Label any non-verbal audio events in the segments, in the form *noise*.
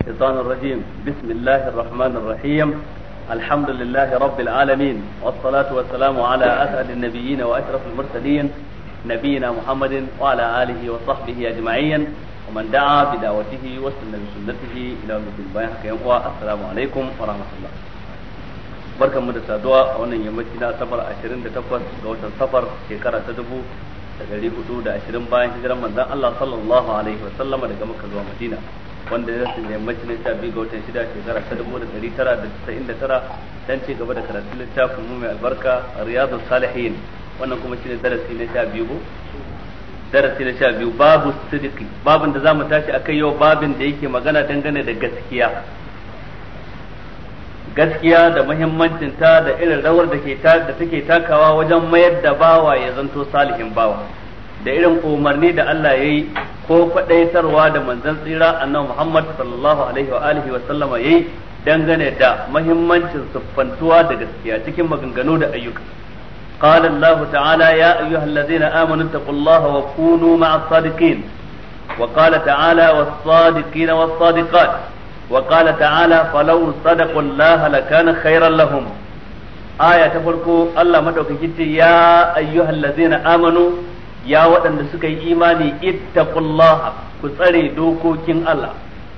الشيطان الرجيم بسم الله الرحمن الرحيم الحمد لله رب العالمين والصلاة والسلام على أسعد النبيين وأشرف المرسلين نبينا محمد وعلى آله وصحبه أجمعين ومن دعا بدعوته واستنى بسنته إلى يوم الدين السلام عليكم ورحمة الله barkan mu da saduwa a wannan yammaci na asabar 28 ga watan safar shekara ta dubu da dari hudu da ashirin bayan hijiran manzon Allah sallallahu alaihi wa sallama daga Makka zuwa Madina wanda ya sanya yammacin sha biyu ga watan shida shekara ta dubu da ɗari tara da tasa'in da tara dan ci gaba da karatun littafin mu mai albarka riyadu salihin wannan kuma shine darasi na sha biyu darasi na sha biyu babu sidiki babin da zamu tashi akai yau babin da yake magana dangane da gaskiya gaskiya da muhimmancin ta da irin rawar da ke da take takawa wajen mayar da bawa ya zanto salihin bawa da irin umarni da Allah ya yi ko faɗaitarwa da manzon tsira annabi Muhammad sallallahu alaihi wa alihi wa sallama yayi dangane da mahimmancin siffantuwa da gaskiya cikin maganganu da ayyuka قال الله تعالى يا أيها الذين آمنوا اتقوا الله وكونوا مع الصادقين وقال تعالى والصادقين والصادقات وقال تعالى فلو صدقوا الله لكان خيرا لهم آية تفرقوا الله مدعوك يا أيها الذين آمنوا ya waɗanda suka yi imani ittaqullaha ku tsare dokokin Allah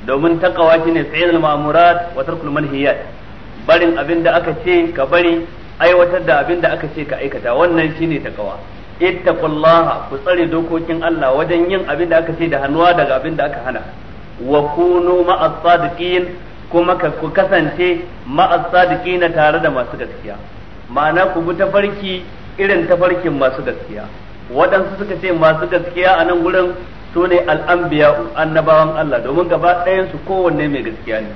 domin takawa shine sayyidul ma'murat wa tarkul manhiyat barin abin da aka ce ka bari aiwatar da abin da aka ce ka aikata wannan shine takawa ittaqullaha ku tsare dokokin Allah wajen yin abin da aka ce da hannuwa daga abin da aka hana wa kunu ma'as sadiqin kuma ka ku kasance ma'as sadiqina tare da masu gaskiya ma'ana ku bi tafarki irin tafarkin masu gaskiya waɗansu suka ce masu gaskiya a nan wurin su ne al'ambiya annabawan Allah domin gaba ɗayansu kowanne mai gaskiya ne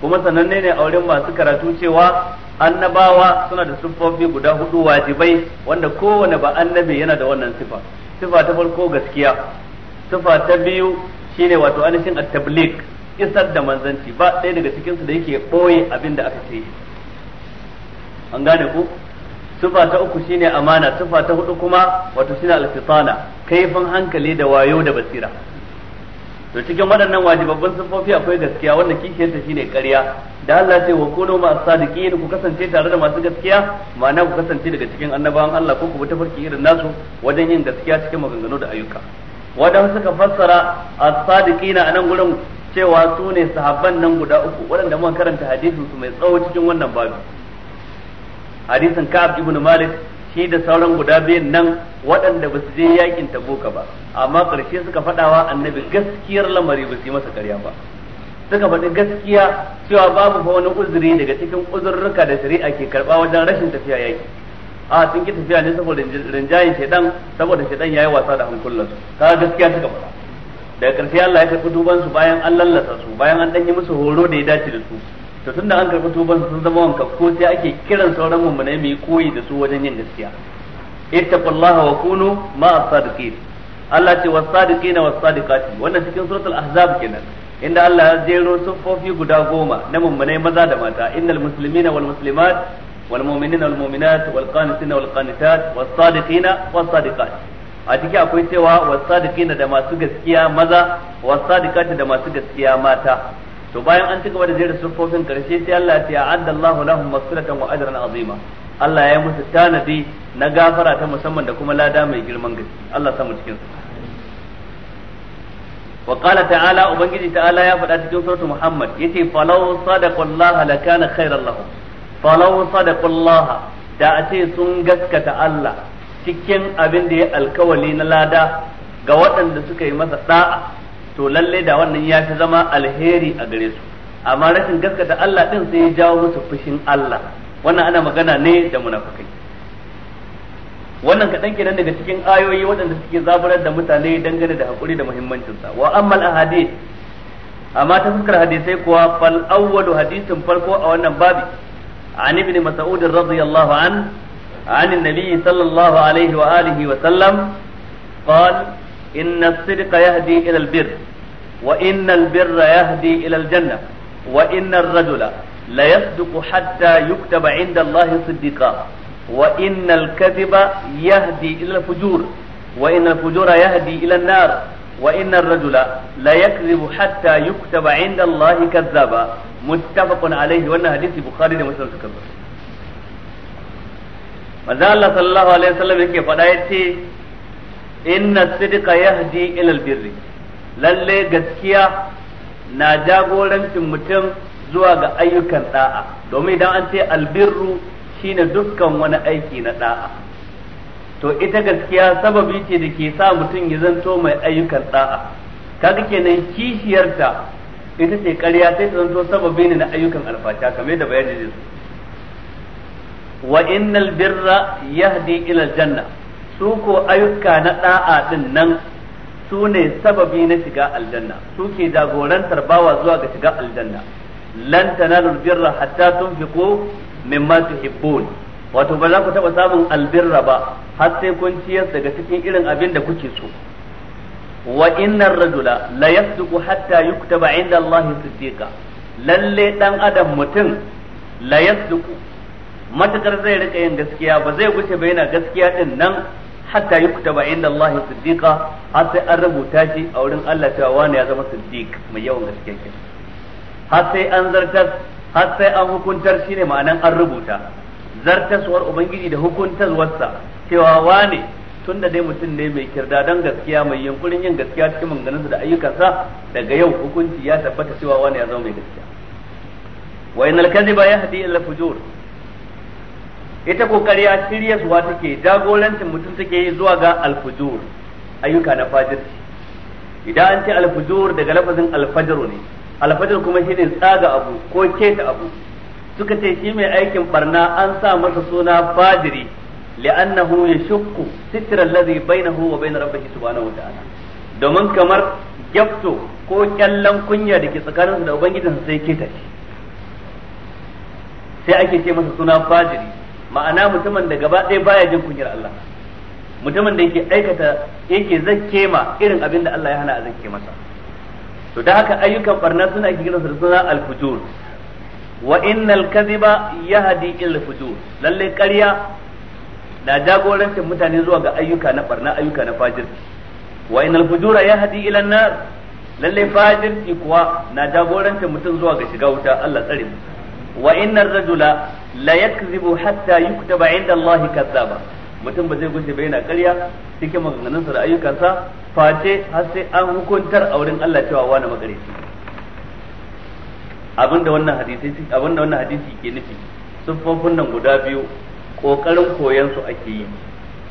kuma sananne ne a wurin masu karatu cewa annabawa suna da siffofi guda hudu wajibai wanda kowane ba annabi yana da wannan sifa sifa ta farko gaskiya sifa ta biyu shine wato ainihin a tablik isar da manzanci ba ɗaya daga cikinsu su da yake ɓoye abinda aka ce an gane ku sufa ta uku shine amana sifa ta hudu kuma wato shine alfitana kaifin hankali da wayo da basira to cikin waɗannan wajibabban sifofi akwai gaskiya wanda kishiyar ta shine ƙarya da Allah ce wa kunu ma sadiqin ku kasance tare da masu gaskiya ma'ana ku kasance daga cikin annabawan Allah ko ku bi tafarki irin nasu wajen yin gaskiya cikin maganganu da ayyuka wadan suka fassara as-sadiqin a nan gurin cewa su ne sahabban nan guda uku waɗanda muka karanta hadisin su mai tsawo cikin wannan babu hadisin Ka'ab ibn Malik shi da sauran guda biyan nan waɗanda ba su je yakin boka ba amma ƙarshe suka faɗawa annabi gaskiyar lamari ba su yi masa ƙarya ba suka faɗi gaskiya cewa babu fa wani uzuri daga cikin uzurruka da shari'a ke karɓa wajen rashin tafiya yaki a sun ki tafiya ne saboda rinjayen shaidan saboda shaidan yayi wasa da su ta gaskiya suka faɗa daga ƙarshe Allah ya karɓi duban bayan an lallasa su bayan an ɗanyi musu horo da ya dace da su to tunda an karɓi tuban sun zama wanka ko sai ake kiran sauran mummunai mu yi koyi da su wajen yin gaskiya ittaqullaha wa kunu ma'as sadiqin Allah ce was sadiqina was sadiqati wannan cikin suratul ahzab kenan inda Allah ya jero sufofi guda goma na mummunai maza da mata innal muslimina wal muslimat wal mu'minina wal mu'minat wal qanitina wal qanitat was sadiqina was sadiqat a ciki akwai cewa was sadiqina da masu gaskiya maza was sadiqati da masu gaskiya mata to bayan an cigaba da jerin siffofin karshe sai Allah ya ce a'addallahu lahum maghfiratan wa ajran azima Allah ya yi musu tanadi na gafara ta musamman da kuma lada mai girman gaske Allah samu cikin su wa qala ta'ala ubangiji ta'ala ya faɗa cikin suratul muhammad yace falaw sadaqallaha lakana khairan lahum falaw sadaqallaha da a ce sun gaskata Allah cikin abin da ya alkawali na lada ga waɗanda suka yi masa da'a to lalle da wannan ya fi zama alheri a gare su amma rashin gaskata Allah din sai ya jawo musu fushin Allah wannan ana magana ne da munafikai wannan kaɗan kenan daga cikin ayoyi waɗanda suke zaburar da mutane dangane da hakuri da muhimmancinsa wa ammal ahadith amma ta fuskar hadisai kuwa fal awwalu hadisin farko a wannan babi an ibn mas'ud radiyallahu an عن sallallahu alaihi wa alihi wa sallam qala إن الصدق يهدي إلى البر وإن البر يهدي إلى الجنة وإن الرجل ليصدق حتى يكتب عند الله صدقا وإن الكذب يهدي إلى الفجور وإن الفجور يهدي إلى النار وإن الرجل ليكذب حتى يكتب عند الله كذابا متفق عليه وأن حديث البخاري ومسلم تكبر manzo Allah sallallahu alaihi wasallam yake faɗa yace inna sidqa yahdi ila birri, lalle gaskiya na jagorancin mutum zuwa ga ayyukan da'a domin idan an ce albirru shine dukkan wani aiki na da'a to ita gaskiya sababi ce da ke sa mutum ya zanto mai ayyukan da'a kaga kenan kishiyarta ita ce ƙarya sai ta zanto sababi ne na ayyukan alfata kamar da bayani su, wa innal birra yahdi ila janna. su ko ayyuka na da'a din nan su ne sababi na shiga aljanna su ke jagorantar bawa zuwa ga shiga aljanna lan tanalul birra hatta tunfiqu mimma tuhibbun wato ba za ku taba samun albirra ba har sai kun ciyar daga cikin irin abin da kuke so wa innar rajula la yasduqu hatta yuktaba inda Allah siddiqa lalle dan adam mutum la yasduqu matakar zai rika yin gaskiya ba zai guce ba yana gaskiya din nan hatta yuktaba inda Allah siddiqa har sai an rubuta shi a wurin Allah cewa wani ya zama siddiq mai yawan gaske ke har sai an zartar har sai an hukuntar shine ma'anan an rubuta zartaswar ubangiji da hukuntarwarsa cewa wani tun da dai mutum ne mai kirdadan gaskiya mai yunkurin yin gaskiya cikin manganinsa da ayyukansa daga yau hukunci ya tabbata cewa wani ya zama mai gaskiya wa inal kadhiba yahdi ila fujur ita ko ƙarya shiryaswa take jagorancin mutum take yi zuwa ga alfujur ayyuka na fajirci idan an ce alfujur daga lafazin alfajaru ne alfajar kuma shi ne tsaga abu ko keta abu suka ce shi mai aikin barna an sa masa suna fajiri li'annahu yashukku sitra alladhi bainahu wa bain rabbih subhanahu wa ta'ala domin kamar gefto ko kyallan kunya da ke tsakaninsu da ubangijinsa sai keta shi sai ake ce masa suna fajiri ma'ana mutumin da gaba ɗaya baya jin kunyar Allah mutumin da yake aikata yake zakke ma irin abin da Allah ya hana a zakke masa to da haka ayyukan barna suna kiran su suna al-fujur wa innal kadhiba yahdi ila fujur lalle ƙarya na jagorancin mutane zuwa ga ayyuka na barna ayyuka na fajir wa innal fujura yahdi ila nar lalle fajirci kuwa na jagorancin mutum zuwa ga shiga wuta Allah tsare mu wa innar rajula la yakzibu hatta yuktaba inda Allah kazzaba mutum ba zai gushe ba yana ƙarya cikin maganganunsa da ayyukansa face har sai an hukuntar a wurin Allah cewa wani magareci abinda wannan hadisi abinda wannan hadisi ke nufi siffofin nan guda biyu kokarin koyan su ake yi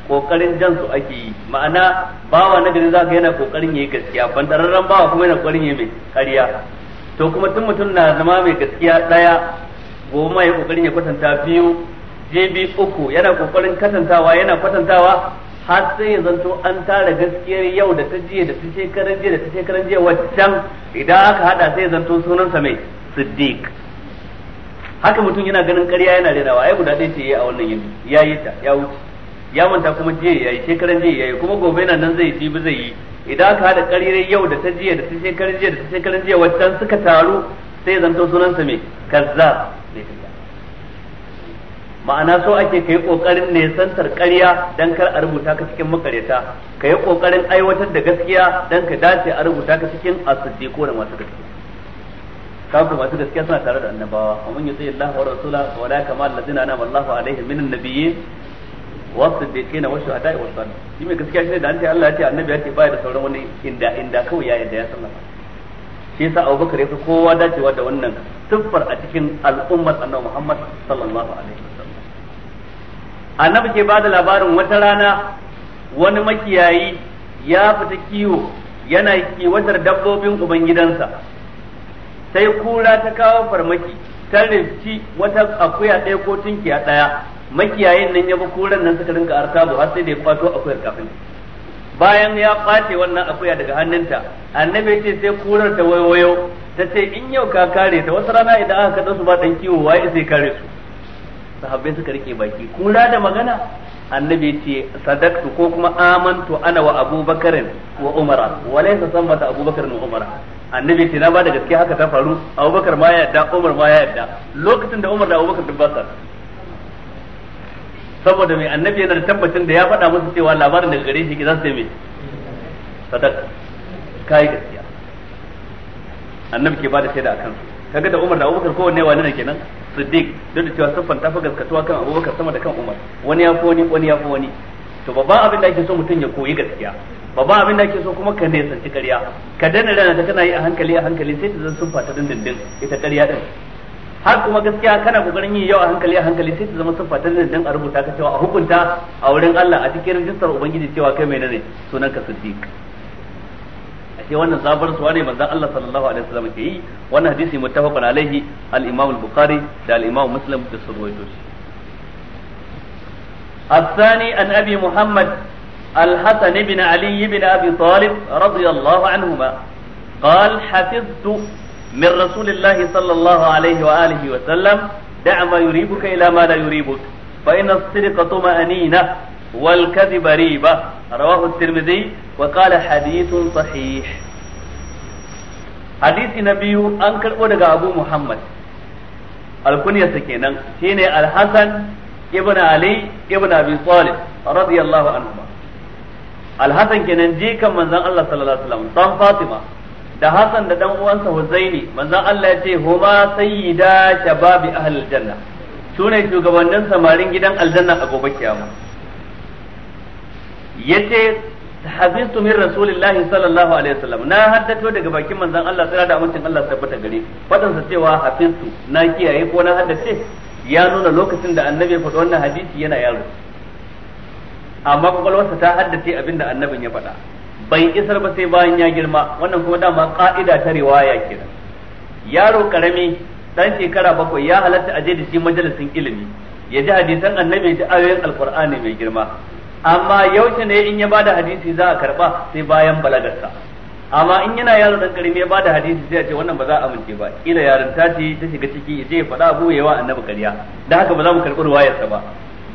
kokarin jan su ake yi ma'ana bawa na gari zaka yana kokarin yayi gaskiya bandararren bawa kuma yana kokarin yayi mai ƙarya to kuma tun mutum na zama mai gaskiya daya Goma ya kokarin ya kwatanta biyu jibi uku yana kokarin kasantawa. yana kwatantawa har sai ya zanto an tara gaskiyar yau da ta jiya da ta shekaran jiya da ta shekaran jiya waccan idan aka hada sai ya zanto sunansa mai siddiq haka mutum yana ganin ƙarya yana renawa ai guda ɗaya ce yayi a wannan yini ya yi ta ya wuce ya manta kuma jiya yayi shekaran jiya yayi kuma gobe na nan zai ji ba zai yi idan aka hada ƙarirai yau da ta jiya da ta shekaran jiya da ta shekaran jiya waccan suka taru sai zanto sunansa mai kazzab mai ma'ana so ake kai kokarin ne nesantar ƙarya dan kar a rubuta ka cikin makareta kai kokarin aiwatar da gaskiya dan ka dace a rubuta ka cikin as da masu gaskiya kafin masu gaskiya suna tare da annabawa wa man yuti Allah wa rasula wa la kama allazina anama Allah alaihim minan nabiyyi wa siddiqina wa shuhada'i wa salihin shi mai gaskiya ne da an ce Allah ya ce annabi ya ce baya da sauran wani inda inda kawai ya da ya sallama shi yasa Abubakar ya fi kowa dacewa da wannan tuffar a cikin al'ummar Annabi Muhammad sallallahu alaihi wasallam annabi ke bada labarin wata rana wani makiyayi ya fita kiwo yana kiwatar dabbobin ubangidansa sai kura ta kawo farmaki ta rifci wata akuya ɗaya ko tunkiya ɗaya makiyayin nan ya bi kuran nan suka rinka artabu har sai da ya kwato akuyar kafin bayan ya kwace wannan akuya daga hannunta annabi ce sai kurar ta wayoyo ta ce in yau ka kare ta wasu rana idan aka kada su ba ɗan kiwo waye sai kare su sahabbai suka rike baki kura da magana annabi ce sadaktu ko kuma amantu ana wa Abubakar wa umara walai ta san mata Abubakar wa umara annabi ce na ba da gaske haka ta faru abubakar ma ya yadda umar ma ya yadda lokacin da umar da abubakar duk ba saboda mai annabi yana da tabbacin da ya faɗa musu cewa labarin daga gare shi za su yi mai sadaka kai gaskiya annabi ke bada shaida akan su kaga da Umar da Abubakar wanne wani ne kenan Siddiq duk da cewa siffan ta fi gaskatuwa kan Abubakar sama da kan Umar wani ya fi wani wani ya fi wani to babban abin da ake so mutum ya koyi gaskiya babban abin da ake so kuma ka nesanci ƙarya ka dana rana ta kana yi a hankali a hankali sai ta zan siffa ta dindindin ita ƙarya din har kuma gaskiya kana kokarin yin yawa hankali a hankali sai ta zama siffa ta dan a rubuta ka cewa a hukunta a wurin Allah a cikin rijistar ubangiji cewa kai mai ne sunan ka siddiq ashe wannan zabar suwa ne manzon Allah sallallahu alaihi wasallam ke yi wannan hadisi muttafaqun alaihi al-Imam al-Bukhari da al-Imam Muslim da sun rawaito shi الثاني عن أبي محمد الحسن بن علي بن أبي طالب رضي الله عنهما قال حفظت min rasulillahi sallallahu alaihi wa alihi wa sallam da'a yuribuka ila ma yuribuk fa inna as-sidqa tuma'anina wal rawahu at-tirmidhi wa qala hadisi na biyu an karbo daga Abu Muhammad alkunyarsa kenan shine al-Hasan ibn Ali ibn Abi Talib radiyallahu anhu al kenan jikan manzon Allah dan Fatima da Hassan da dan uwansa Huzaini manzon Allah ya ce huma sayyida shababi ahli aljanna sune shugabannin samarin gidan aljanna a gobe kiyama yace habistu min rasulillahi sallallahu alaihi wasallam na haddato daga bakin manzon Allah tsira da amincin Allah tabbata gare fadan sa cewa hafistu na kiyaye ko na haddace ya nuna lokacin da annabi ya faɗi wannan hadisi yana yaro amma kwakwalwarsa ta haddace abin da annabin ya faɗa bai isar ba sai bayan ya girma wannan kuma dama ka'ida ta riwaya kenan yaro karami dan shekara bakwai ya halatta aje da shi majalisin ilimi ya ji hadisan annabi ya ji ayoyin alqur'ani mai girma amma yaushe ne in ya bada hadisi za a karba sai bayan balagarsa amma in yana yaro dan karimi ya bada hadisi sai a ce wannan ba za a amince ba kila yarinta ce ta shiga ciki ya je ya faɗa abu yawa annabi kariya da haka ba za mu karɓi ruwayarsa ba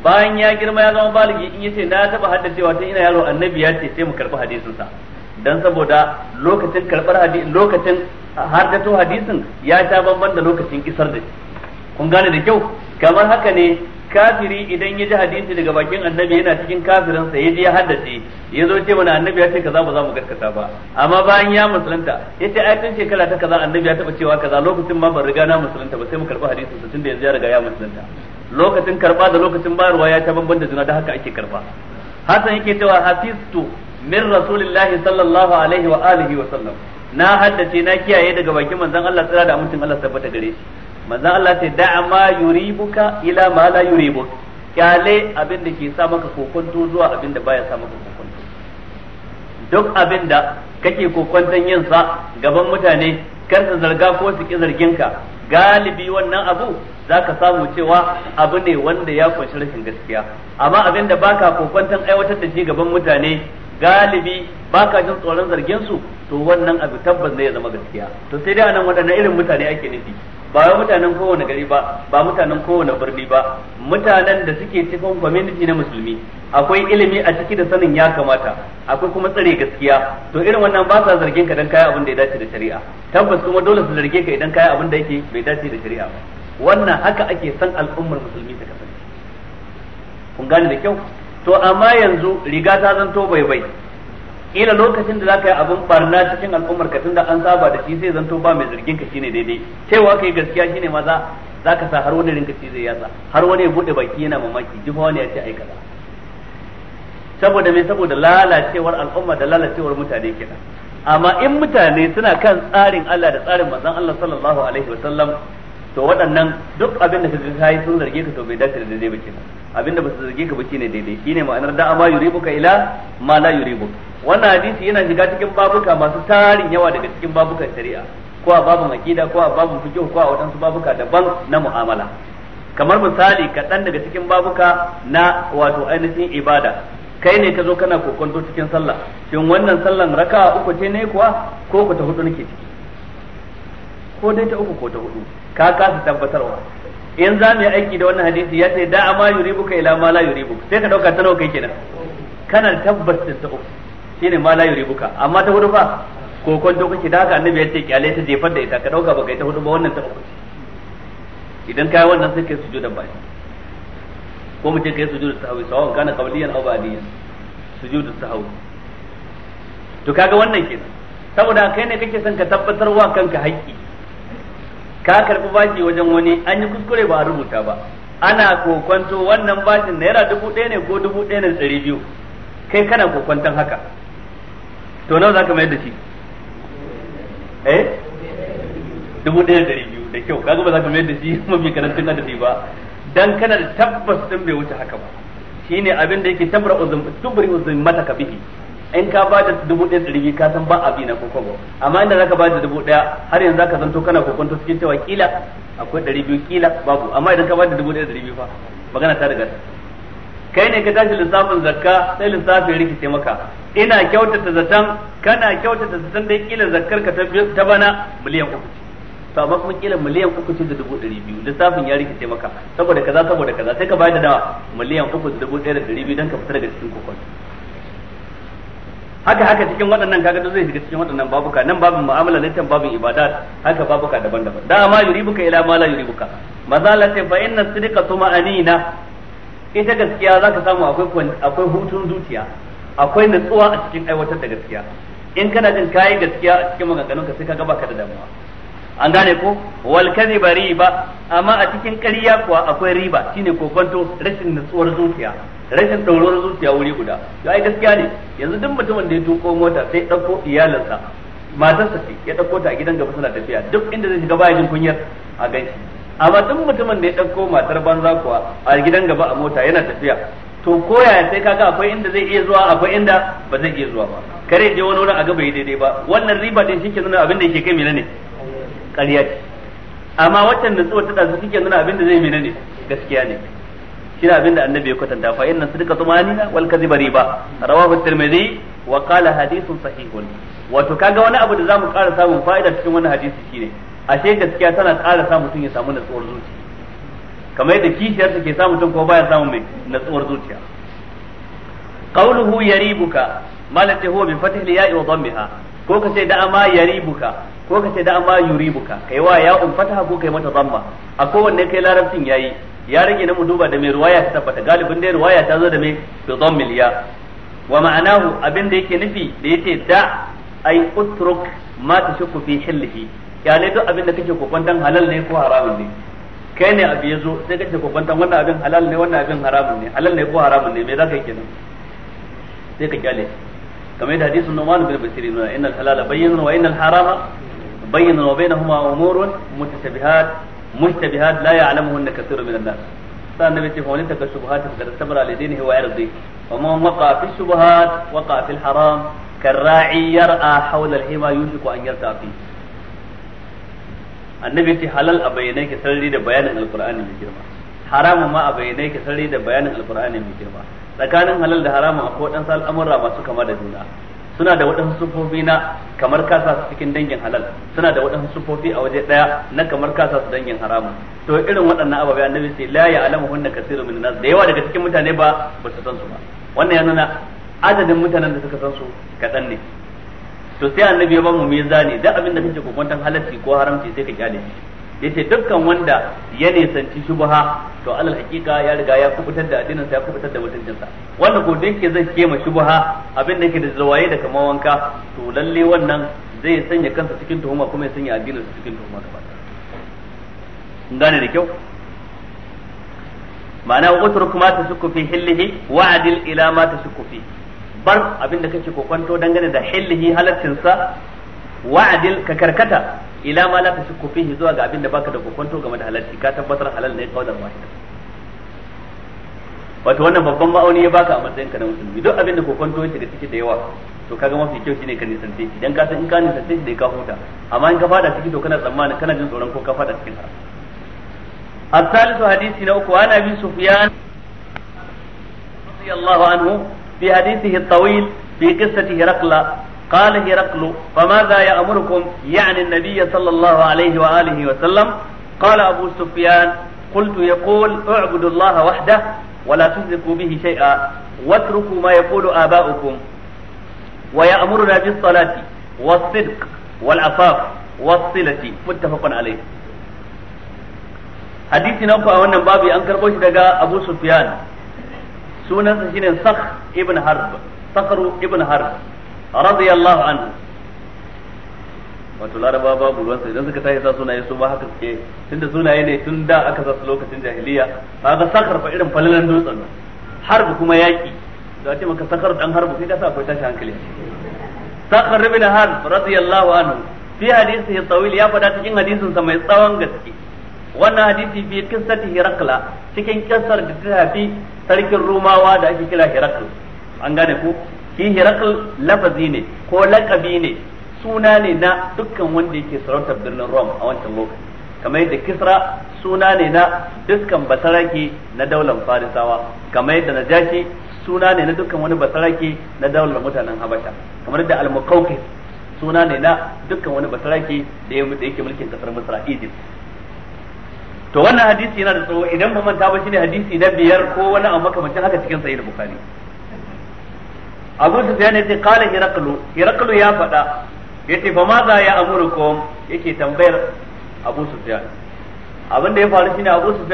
bayan ya girma ya zama baligi in yace na taba haddacewa tun ina yaro annabi ya ce sai mu karbi hadisin sa dan saboda lokacin karbar hadisi lokacin haddato hadisin ya ta bamban da lokacin kisar da kun gane da kyau kamar haka ne kafiri idan ya ji hadisi daga bakin annabi yana cikin kafirin sa ya ji ya haddace ya zo ce mana annabi ya ce kaza ba za mu gaskata ba amma bayan ya musulunta ya ce ai tun shekara ta kaza annabi ya taba cewa kaza lokacin ma ban riga na musulunta ba sai mu karbi hadisin sa tunda yanzu ya riga ya musulunta lokacin karba da lokacin bayarwa ya ta bambanta juna da haka ake karba hasan yake cewa hafiztu min rasulillahi sallallahu alaihi wa alihi wa sallam na haddace na kiyaye daga bakin manzon Allah tsira da amincin Allah tabbata gare shi manzon Allah sai da ma yuribuka ila ma la yuribu kyale abin da ke sa maka kokonto zuwa abin da baya sa maka kokonto duk abin da kake kokonton yin sa gaban mutane kar ka zarga ko su ki zargin ka galibi wannan abu zaka samu cewa abu ne wanda ya kunshi rashin gaskiya amma abin da baka kokwantan aiwatar da shi gaban mutane galibi baka jin tsoron zargin su to wannan abu tabbas ne ya zama gaskiya to sai dai anan waɗannan irin mutane ake nufi ba wai mutanen kowane gari ba ba mutanen kowane birni ba mutanen da suke cikin community na musulmi akwai ilimi a ciki da sanin ya kamata akwai kuma tsare gaskiya to irin wannan ba sa zargin ka dan kai abin da ya dace da shari'a tabbas kuma dole su zarge ka idan kai abin da yake bai dace da shari'a ba wannan haka ake san al'ummar musulmi ta kasance kun gane da kyau to amma yanzu riga ta zanto bai bai kila lokacin da za zaka yi abin barna cikin al'ummar ka tunda an saba da shi sai zanto ba mai zargin ka shine daidai cewa kai gaskiya shine maza ka sa har wani rinka ci zai yatsa har wani ya bude baki yana mamaki jifa wani ya ce ai kaza saboda me saboda lalacewar al'umma da lalacewar mutane kenan amma in mutane suna kan tsarin Allah da tsarin manzon Allah sallallahu alaihi wasallam to waɗannan duk abin da kaga kai sun zarge ka to bai dace da daidai ba kenan abin da ba su zarge ka ba shine daidai shine ma'anar da ma yuribuka ila ma la yuribuk wannan hadisi yana shiga cikin babuka masu tarin yawa daga cikin babukan shari'a ko a babun aqida ko a babun fiqh ko a wadansu babuka daban na mu'amala kamar misali kaɗan daga cikin babuka na wato ainihin ibada kai ne ka zo kana kokonto cikin sallah shin wannan sallan raka uku ce ne kuwa ko ku ta hudu nake ciki ko dai ta uku ko ta hudu ka kasa tabbatarwa in za mu yi aiki da wannan hadisi ya ce da ma buka, ila ma la yuri buka. sai ka dauka ta nawa kai kenan kana tabbas da ta uku shine ma la yuri buka. amma ta hudu fa ko kwanto kake da haka annabi ya ce kyale ta jefar da ita ka dauka ba kai ta hudu ba wannan ta uku idan kai wannan sai kai sujudan bai ko mutum kai sujudu sahwi sawan kana qawliyan aw ba'diyan sujudu sahwi to kaga wannan kenan saboda kai ne kake son ka tabbatar wa kanka haƙƙi ka karbi bashi wajen wani an yi kuskure ba a rubuta ba ana kokwanto wannan bashin naira dubu ɗaya ne ko dubu ɗaya ne ɗari biyu kai kana kokwanton haka to nawa za ka mayar da shi eh dubu ɗaya ɗari biyu da kyau kaga ba za ka mayar da shi *laughs* mafi karantun adadi ba dan kana da tabbas din bai wuce haka ba shine abin da yake tabra uzum tubri uzum mata ka bihi in ka ba da dubu ɗaya tsirgi ka san ba abi na koko ba amma inda zaka ba da dubu ɗaya har yanzu zaka zanto kana kokonto cikin cewa kila akwai ɗari biyu kila babu amma idan ka ba da dubu ɗaya ɗari biyu fa magana ta daga kai ne ka tashi lissafin zakka sai lissafin rikice maka ina kyautata zaton kana kyautata zaton dai kila zakkar ka ta bana miliyan uku to amma kuma kila miliyan uku ce da dubu ɗari biyu lissafin ya rikice maka saboda kaza saboda kaza sai ka ba da dawa miliyan uku da dubu ɗaya da ɗari biyu don ka fita daga cikin kokonto haka haka cikin waɗannan kaga da zai shiga cikin waɗannan babuka nan babin mu'amala ne can babin ibadat haka babuka daban-daban da ma yuribuka ila ma la yuribuka mazala ce fa inna sidqa tuma'anina ita gaskiya zaka samu akwai akwai hutun zuciya akwai nutsuwa a cikin aiwatar da gaskiya in kana jin kai gaskiya a cikin maganganunka sai kaga baka da damuwa an gane ko wal kadhiba riba amma a cikin ƙarya kuwa akwai riba shine kokonto rashin nutsuwar zuciya rashin ɗaurar zuciya wuri guda ya ai gaskiya ne yanzu duk mutumin da ya tuko mota sai ɗauko iyalinsa matarsa ce ya ɗauko ta a gidan gaba suna tafiya duk inda zai shiga baya jin kunyar a ganshi amma duk mutumin da ya ɗauko matar banza kuwa a gidan gaba a mota yana tafiya to koya sai kaga akwai inda zai iya zuwa akwai inda ba zai iya zuwa ba kare je wani wurin a gaba yi daidai ba wannan riba din shi ke nuna abin da yake kai menene ƙarya ce amma waccan nutsuwa ta ɗazu shi ke nuna abin da zai menene gaskiya ne shine abin da annabi ya kwatanta fa inna sidqa tumanina wal kadhiba riba rawahu tirmidhi wa qala hadithun sahihun wato kaga wani abu da zamu ƙara samun fa'ida cikin wannan hadisi shine ashe gaskiya tana ƙara sa mutum ya samu natsuwar zuciya kamar yadda kishiyar ke sa mutum ko baya samu mai natsuwar zuciya qawluhu yaribuka malati huwa bi fathil ya'i wa dhammiha ko ka ce da'ama yaribuka ko ka ce da'ama yuribuka kai wa ya'un fataha ko kai mata dhamma a kowanne kai larabcin yayi ya rage na mu duba da mai ruwaya ta tabbata galibin dai ruwaya ta zo da mai bi dhammil ya wa ma'anahu abin da yake nufi da yace da ai utruk ma tashukku fi hillihi kyale duk abin da kake kokwantan halal ne ko haramun ne kai ne abu ya sai kake kokwantan wannan abin halal ne wannan abin haramun ne halal ne ko haramun ne me za ka yi kenan sai ka kyale kamar yadda hadisin Numan bin Bashir nuna innal halala bayyinun wa innal harama bayyinun wa bainahuma umurun mutashabihat mushtabihat la ya'lamuhunna katsirun min an-nas sai annabi ce fa wani taka shubuhat fa kada sabara li dinihi wa yardi wa man waqa fi shubuhat waqa fi al-haram karra'i yar'a hawla al-hima yushiku an yarta fi annabi ce halal a bayyane ki sarri da bayanin alqur'ani mai girma haramun ma a bayyane ki sarri da bayanin alqur'ani mai girma tsakanin halal da haramun akwai wadansu al'amura masu kama da juna suna da waɗansu sufofi na kamar kasa su cikin dangin halal suna da waɗansu sufofi a waje daya na kamar kasa su dangin haramun to irin waɗannan ababe annabi sai la ya alamu hunna kasiru min nas da yawa daga cikin mutane ba ba su san su ba wannan ya nuna adadin mutanen da suka san su kaɗan ne to sai annabi ya ba mu mizani duk abin da kake tan halarci ko haramci sai ka kyale shi yace dukkan wanda ya nisanci shubha to alal hakika ya riga ya kubutar da addinin sa ya kubutar da mutuncinsa wannan ko dinke zai kema shubha abin da yake da zawaye da kamar wanka to lalle wannan zai sanya kansa cikin tuhuma kuma ya sanya addinin sa cikin tuhuma gaba gane da kyau ma'ana utruk ma tashukku fi hillihi adil ila ma tashukku fi bar abin da kake kokwanto dangane da hillihi halaccinsa wa'adil ka karkata ila ma la tashukku fihi zuwa ga abin da baka da kokonto game da halalci ka tabbatar halal ne kaulan wahida wato wannan babban ma'auni ya baka a matsayin ka na musulmi duk abin da kokonto ya shiga ciki da yawa to kaga mafi kyau shine ka nisan shi dan ka san in ka nisan shi da ka huta amma in ka fada ciki to kana tsammani kana jin tsoron ko ka fada cikin haram الثالث حديث نوكو عن ابي سفيان رضي الله عنه في حديثه الطويل في قصة هرقل قال هرقل فماذا يأمركم يعني النبي صلى الله عليه وآله وسلم قال أبو سفيان قلت يقول اعبدوا الله وحده ولا تشركوا به شيئا واتركوا ما يقول آباؤكم ويأمرنا بالصلاة والصدق والعفاف والصلة متفق عليه حديث نوكو أولا بابي أنكر بوش دقاء أبو سفيان سنة شنين صخ ابن حرب صخر ابن حرب radiyallahu anhu wato laraba babu ruwansa idan suka tashi sa sunaye su ba haka suke tunda sunaye ne tun da aka sa su lokacin jahiliya kaga sakar fa irin falalan dutsen nan harbi kuma yaki da ce maka sakar dan harbi sai ka sa akwai tashi hankali sakar ibn harb radiyallahu anhu fi hadisi tawil ya fada cikin hadisin sa mai tsawon gaske wannan hadisi fi kissati hirakla cikin kissar da ta tafi sarkin rumawa da ake kira hirakla an gane ko shi hirakul lafazi ne ko lakabi ne suna ne na dukkan wanda yake sarautar birnin Rome a wancan lokaci kamar yadda Kisra suna ne na dukkan basaraki na daular Farisawa kamar yadda Najashi suna ne na dukkan wani basaraki na daular mutanen Habasha kamar yadda Al-Muqawqis suna ne na dukkan wani basaraki da yake mulkin kasar Misra Egypt to wannan hadisi yana da tsawo idan ba manta ba shine hadisi na biyar ko wani abu makamancin haka cikin sahih Bukhari abu su ya ce kala hiraklu hiraklu ya faɗa yace fa maza ya amurukum yake tambayar abu su abin da ya faru shine abu su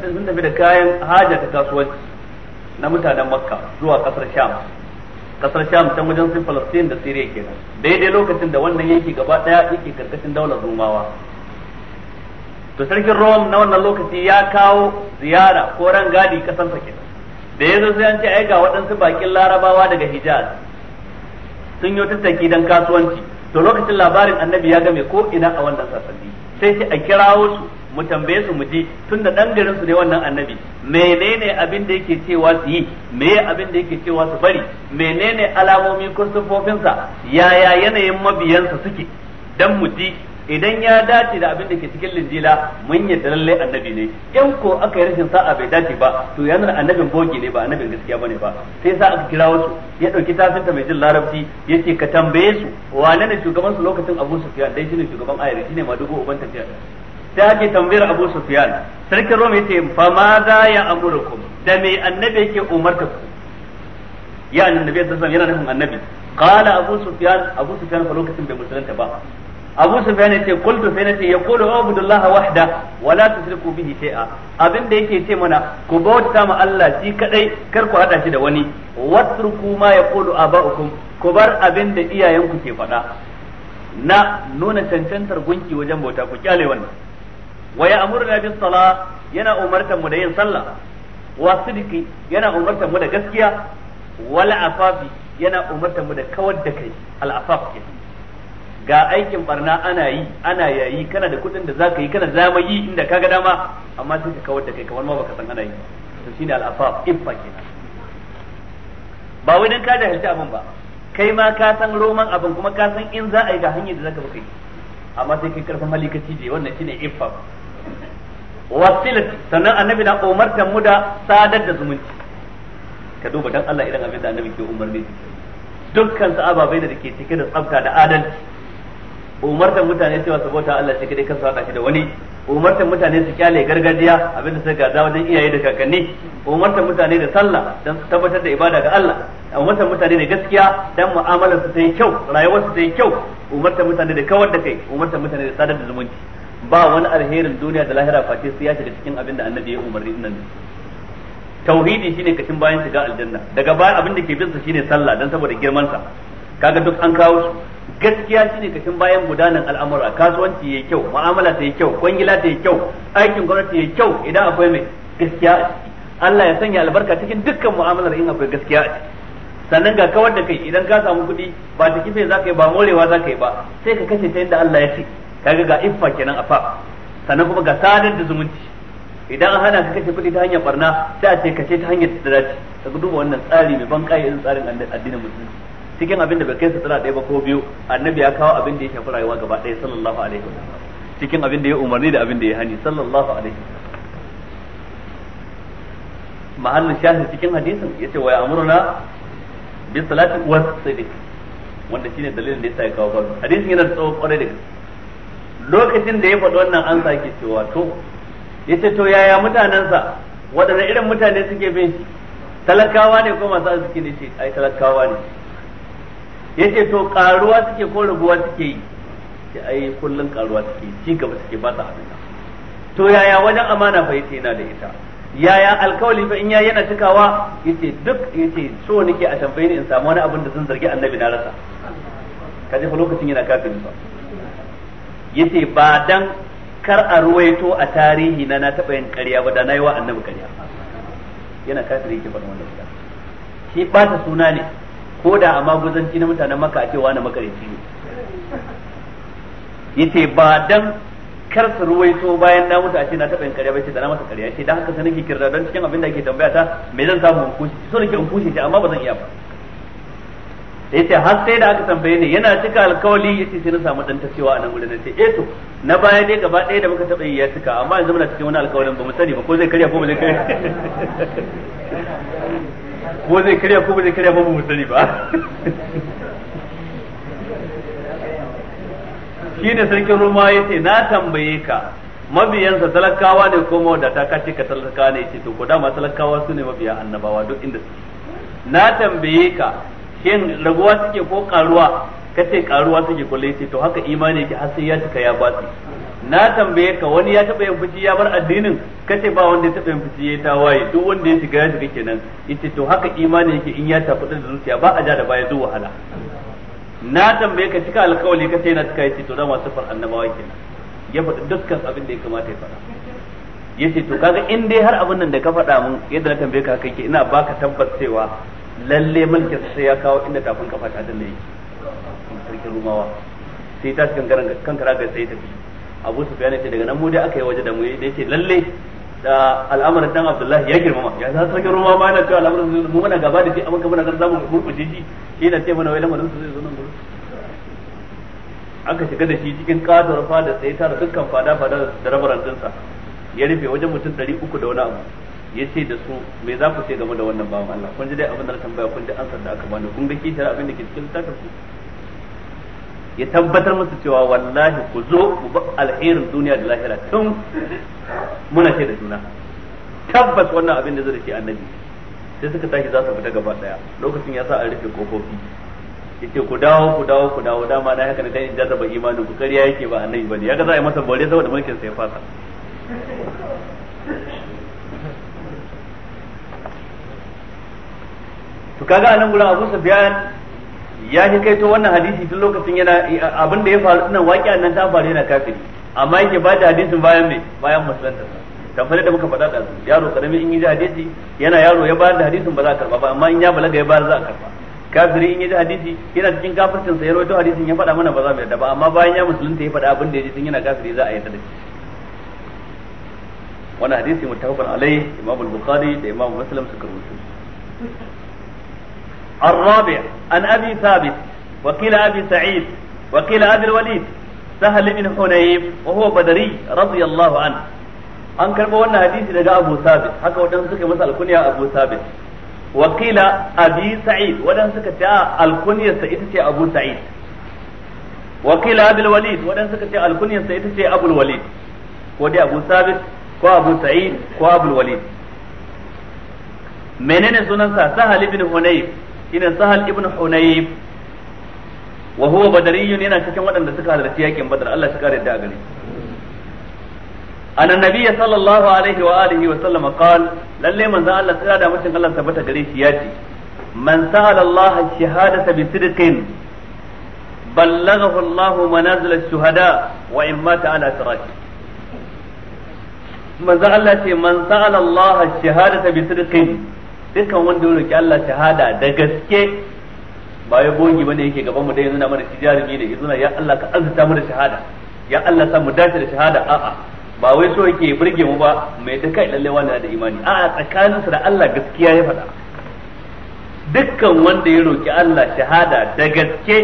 sun tafi da kayan haja ta kasuwanci na mutanen makka zuwa kasar sham kasar sham ta wajen sun falastin da siriya kenan daidai lokacin da wannan yake gaba daya yake karkashin daular rumawa to sarkin rome na wannan lokaci ya kawo ziyara ko rangadi kasar sa kenan da ya zo sai an ce ai ga waɗansu bakin larabawa daga hijaz sun yi tattaki don kasuwanci to lokacin labarin annabi ya game ko ina a wannan sassabi sai sai a kirawo su mu tambaye su mu ji tun da garin su ne wannan annabi menene abin da yake cewa su yi meye abin da yake cewa su bari menene alamomi ko sufofinsa yaya yanayin mabiyansa suke dan mu ji idan ya dace da abin da ke cikin linjila mun yadda lallai annabi ne in ko aka yi rashin sa'a bai dace ba to ya da annabin bogi ne ba annabin gaskiya bane ba sai sa aka kira wasu ya dauki ta mai jin larabci yace ka tambaye su wane ne shugaban su lokacin Abu Sufyan dai shine shugaban Ayyari shine dubu uban tafiya ta ake tambayar Abu Sufyan sarkin Rome yace fa ma za ya amurukum da me annabi yake umarta ku ya annabi sallallahu alaihi wasallam yana nufin annabi qala Abu Sufyan Abu Sufyan fa lokacin bai musulunta ba abu sufyan yace qultu sai nace yaqulu abdullah wahda wala la tusriku bihi shay'a abin da yake ce mana ku bauta ma Allah shi kadai kar ku hada shi da wani watruku ma ya yaqulu aba'ukum ku bar abin da iyayenku ke faɗa na nuna cancantar gunki wajen bauta ku kyale wannan wa da bis sala yana umartar mu da yin sallah wa sidiki yana umartar mu da gaskiya wala afafi yana umartar mu da kawar da kai al afaf ga aikin barna ana yi ana yayi kana da kuɗin da zaka yi kana da dama yi inda kaga dama amma sai ka kawar da kai kamar ma baka san ana yi to shine al'afaf iffa kenan ba wai dan ka da halta abin ba kai ma ka san roman abin kuma ka san in za a yi ga hanyar da zaka yi amma sai kai karfin hali ka cije wannan shine ifa wasilat sannan annabi na umartan mu da sadar da zumunci ka duba dan Allah idan abin da annabi ke umarni dukkan su bai da ke cike da tsafta da adalci umartan mutane cewa su bauta Allah shi kadai kansa shi da wani umartan mutane su kyale gargajiya abin da suka gaza wajen iyaye da kakanni umartan mutane da sallah dan su tabbatar da ibada ga Allah umartan mutane da gaskiya dan mu'amalar su ta yi kyau rayuwar su ta yi kyau umartan mutane da kawar da kai umartan mutane da sadar da zumunci ba wani alherin duniya da lahira face su ya shiga cikin abin da annabi ya umarni nan tauhidi shine kashin bayan shiga aljanna daga baya abin da ke bin sa shine sallah dan saboda girman sa kaga duk an kawo su gaskiya shine kashin bayan gudanar al'amura kasuwanci yayi kyau mu'amala ta yi kyau kwangila ta yi kyau aikin gwamnati yayi kyau idan akwai mai gaskiya Allah ya sanya albarka cikin dukkan mu'amalar in akwai gaskiya a sannan ga kawar da kai idan ka samu kuɗi ba ta kife za ka yi ba morewa za ka yi ba sai ka kashe ta yadda Allah ya ce kaga ga iffa kenan a fa sannan kuma ga sadar da zumunci idan an hana ka kashe kuɗi ta hanyar barna sai a ce kashe ta hanyar da ka duba wannan tsari mai ban irin tsarin addinin musulunci cikin abin da bai kai sutura ɗaya ba ko biyu annabi ya kawo abin da ya shafi rayuwa gaba ɗaya sallallahu alaihi wasallam cikin abin da ya umarni da abin da ya hani sallallahu alaihi wasallam mahallin shahin cikin hadisin ce wa ya'muruna bi salati was Sadiq wanda shine dalilin da yasa ya kawo farko hadisin yana da tsawon kwarai da lokacin da ya faɗi wannan an sake cewa to ce to yaya mutanensa waɗanne irin mutane suke bin talakawa ne ko masu arziki ne ce ai talakawa ne yace to karuwa suke ko raguwa suke yi sai ai kullun karuwa suke ci gaba suke ba ta abin to yaya wajen amana fa yace yana da ita yaya alkawali fa in ya yana cikawa yace duk yace so nake a tambaye ni in samu wani abin da zan zargi annabi na rasa kaje fa lokacin yana kafin fa yace ba dan kar a ruwaito a tarihi na na taɓa yin ƙarya ba da na yi wa annabi ƙarya yana kafin yake faɗin wannan shi ba ta suna ne ko da amma maguzanci na mutanen maka a cewa na makarici ne yace ba dan kar su ruwaito bayan na mutu a ce na taɓa yin karya ba ce da na masa karya ce da haka sanin kikirra don cikin abin da ake tambaya ta me zan samu in kushe so nake in kushe ce amma ba zan iya ba ce har sai da aka tambaye ni yana cika alkawali yace sai na samu dan cewa a nan gurin nace eh to na baya ne gaba ɗaya da muka taɓa yi ya cika amma yanzu muna cikin wani alkawalin ba mu sani ba ko zai karya ko ba zai karya ko zai karya ko ba zai karya ba mu sani ba shi ne sarkin roma ya ce na tambaye ka mabiyansa talakawa ne ko mawadata ka ce ka talaka ne ce to ko dama talakawa su ne mabiya annabawa duk inda suke na tambaye ka shin raguwa suke ko karuwa kace karuwa suke lai ce to haka imani ki har sai ya cika ya batsi na tambaye ka wani ya taba yin fushi ya bar addinin kace ba wanda ya taba yin fushi ya tawaye duk wanda ya shiga ya shiga kenan yace to haka imani yake in ya tafi da zuciya ba a ja da baya zuwa wahala na tambaye ka cika alkawali kace yana cika yace to dama sifar annabawa kenan ya faɗi dukkan abin da ya kamata ya faɗa yace to kaga in dai har abin nan da ka faɗa mun yadda na tambaye ka kake ina baka tabbas cewa lalle mulki sai ya kawo inda tafin kafa ta danne ne sarkin rumawa sai ta kankara ga sai fi. abu sufyan ce daga nan mu dai aka yi waje da mu da ce lalle da al'amarin dan abdullahi ya girmama ya za sarkin ruwa ma yana cewa al'amarin mu muna gaba da shi amma muna na zamu murkushe shi shi yana ce mana wai lamarin su zai zo nan gurin aka shiga da shi cikin kadar fada sai tara dukkan fada fada da rabaran dinsa ya rufe wajen mutum ɗari uku da wani abu ya ce da su me za ku ce game da wannan bawan Allah kun ji dai abin da na tambaya kun ji ansar da aka bani kun ga kitar abin da ke cikin littafin ku ya tabbatar musu cewa wallahi ku zo ku ba alherin duniya da lahira tun muna ce da juna tabbas wannan abin da zai da annabi sai suka tashi za su fita gaba daya lokacin ya sa an rufe kofofi yace ku dawo ku dawo ku dawo dama na haka ne dan in jarraba imanin ku kariya yake ba annabi bane ya ga za a yi masa bore saboda mulkin sa ya fasa to kaga anan gura Abu bayan ya shi kaito wannan hadisi tun lokacin yana abin da ya faru nan waƙiya nan ta faru yana kafiri amma yake ba da hadisin bayan mai bayan musulunta kamar da muka faɗa da yaro karami in yi da hadisi yana yaro ya bayar da hadisin ba za a karba ba amma in ya balaga ya bayar za a karba kafiri in yi da hadisi yana cikin kafircin sa ya rawaito hadisin ya faɗa mana ba za mu yarda ba amma bayan ya musulunta ya faɗa abin da ya ji tun yana kafiri za a yarda da shi wannan hadisi muttafaqun alai imam al-bukhari da imamu muslim suka rubuta الرابع عن أبي ثابت وكيل أبي سعيد وكيل أبي الوليد سهل بن حنيف وهو بدري رضي الله عنه an karɓo wannan hadisi daga Abu Sabit haka wadan masa alkunya Abu Sabit wakila Abi Sa'id wadan suka ce alkunyar sa ce Abu Sa'id wakila Abul Walid wadan suka ce alkunyar sa ce Abul Walid ko Abu Sabit ko Abu Sa'id ko Abul Walid menene sunan sa Sahal ibn shine sahal ibn hunayb wa huwa badariyun yana cikin waɗanda suka halarci yakin badar Allah shi kare da gare an annabi sallallahu alaihi wa alihi wa sallama qal lalle manzon Allah tsira da mutun Allah tabbata gare shi yace man sa'ala Allah shahadata bi sidqin ballaghahu Allah manazil ash-shuhada wa in mata ala sirati manzon Allah ce man sa'ala Allah shahadata bi sidqin dukkan wanda ya roki Allah shahada da gaske ba ya bogi bane yake gaban mu dai yanzu na mana tijarimi ne yanzu ya Allah ka azuta mu da shahada ya Allah sa mu dace da shahada a'a ba wai so yake burge mu ba mai da kai lalle wani da imani a'a tsakaninsa da Allah gaskiya ya faɗa dukkan wanda ya roki Allah shahada da gaske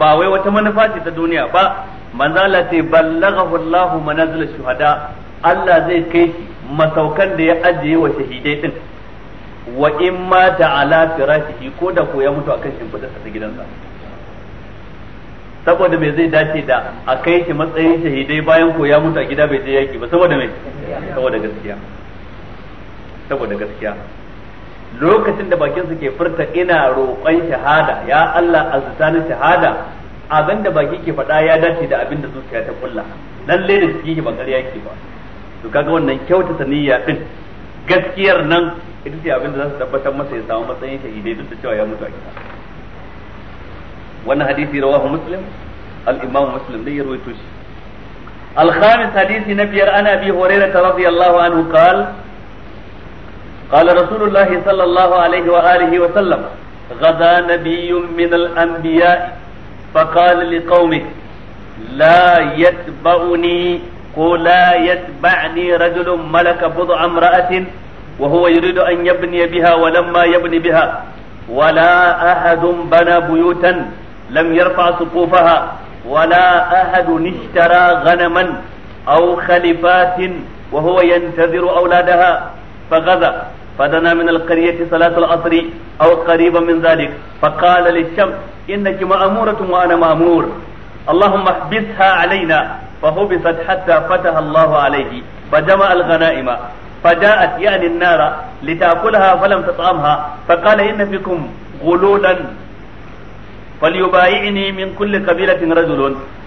ba wai wata manufa ce ta duniya ba manzo Allah sai ballaghahu Allahu manazil shuhada Allah zai kai shi masaukan da ya ajiye wa shahidai din wa in mata ala firashihi ko da ko ya mutu akan shimfidar sa ta gidansa saboda me zai dace da a kai shi matsayin shahidai bayan ko ya mutu a gida bai je yaki ba saboda me saboda gaskiya saboda gaskiya lokacin da bakin su ke furta ina roƙon shahada ya Allah na shahada abin da baki ke faɗa ya dace da abin da zuciya ta kulla lalle da ciki ban ƙarya yake ba to kaga wannan kyautata niyya din gaskiyar nan ita ce abin da za su tabbatar masa ya samu matsayin shahidai duk da cewa ya mutu a gida wannan hadisi rawahu muslim al-imam muslim ne ya rawaito shi الخامس حديث نبي عن ابي هريره رضي الله عنه قال قال رسول الله صلى الله عليه واله وسلم غدا نبي من الانبياء فقال لقومه لا يتبعني ko la yatba'ni rajulun malaka budu amra'atin wa huwa yuridu an yabni biha wa lamma yabni biha wala ahadun bana buyutan lam yarfa suqufaha wala ahadun ishtara ghanaman aw khalifatin wa huwa yantadhiru awladaha faghaza فدنا من القرية صلاة العصر أو قريبا من ذلك فقال للشمس إنك مأمورة وأنا مأمور اللهم احبسها علينا فحبست حتى فتح الله عليه فجمع الغنائم فجاءت يعني النار لتأكلها فلم تطعمها فقال إن فيكم غلولا فليبايعني من كل قبيلة رجل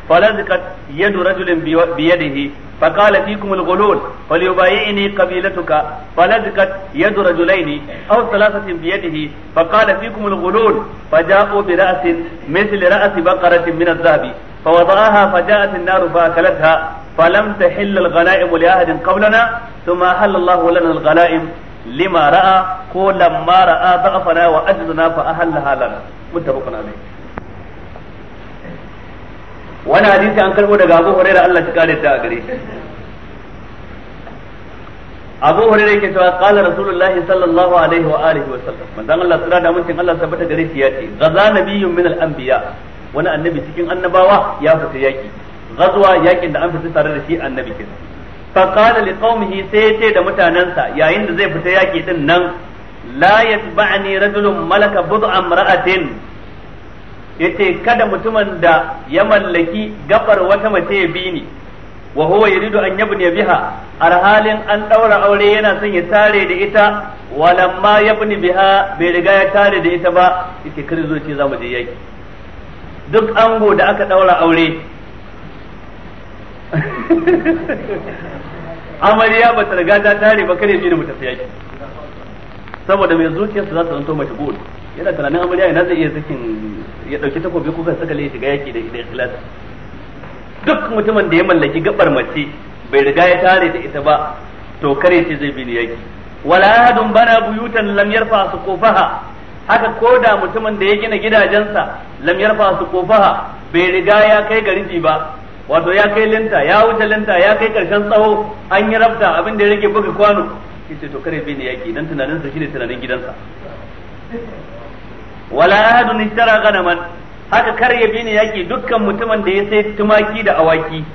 فلزقت يد رجل بيده فقال فيكم الغلول فليبايعني قبيلتك فلزقت يد رجلين او ثلاثة بيده فقال فيكم الغلول فجاءوا برأس مثل رأس بقرة من الذهب فوضعها فجاءت النار فأكلتها فلم تحل الغنائم لأحد قبلنا ثم أحل الله لنا الغنائم لما رأى كو لما رأى ضعفنا وأجزنا فأحلها لنا متفق عليه wani hadisi an karbo daga Abu Hurairah Allah ta kare ta a gare shi Abu Hurairah yake cewa qala Rasulullahi sallallahu alaihi wa alihi wa sallam manzon Allah tsira da mutum Allah gare shi ya ce gaza nabiyyun min wani annabi cikin annabawa ya fita yaki ghazwa yakin da an fita tare da shi annabi kenan fa qala li qaumihi sai yace da mutanansa yayin da zai fita yaki din nan la yatba'ani rajulun malaka bud'a imra'atin yace kada mutumin da ya mallaki gabar wata mace ya bi ni wa huwa yuridu an yabni biha alhalin an daura aure yana son ya tare da ita walamma yabni biha bai riga ya tare da ita ba yace kar zo ce zamu je yaki duk ango da aka daura aure amarya ba ta riga ta tare ba kare da mu yake saboda mai zuciyarsa za ta zanto gudu yana tunanin amarya yana zai iya sakin ya dauki takobi ko kan saka shiga yaki da da ikhlas duk mutumin da ya mallaki gabar mace bai riga ya tare da ita ba to kare shi zai bi ni yaki wala hadun bana buyutan lam yarfa suqufaha haka ko da mutumin da ya gina gidajensa lam yarfa su kofaha bai riga ya kai gariji ba wato ya kai linta ya wuce linta ya kai karshen tsawo an yi rafta abin da ya rage buga kwano yace to kare bin yaki dan tunanin sa shine tunanin gidansa wala ahadun ishtara ganaman haka kar ya bi ne yaki dukkan mutumin da ya sai tumaki da awaki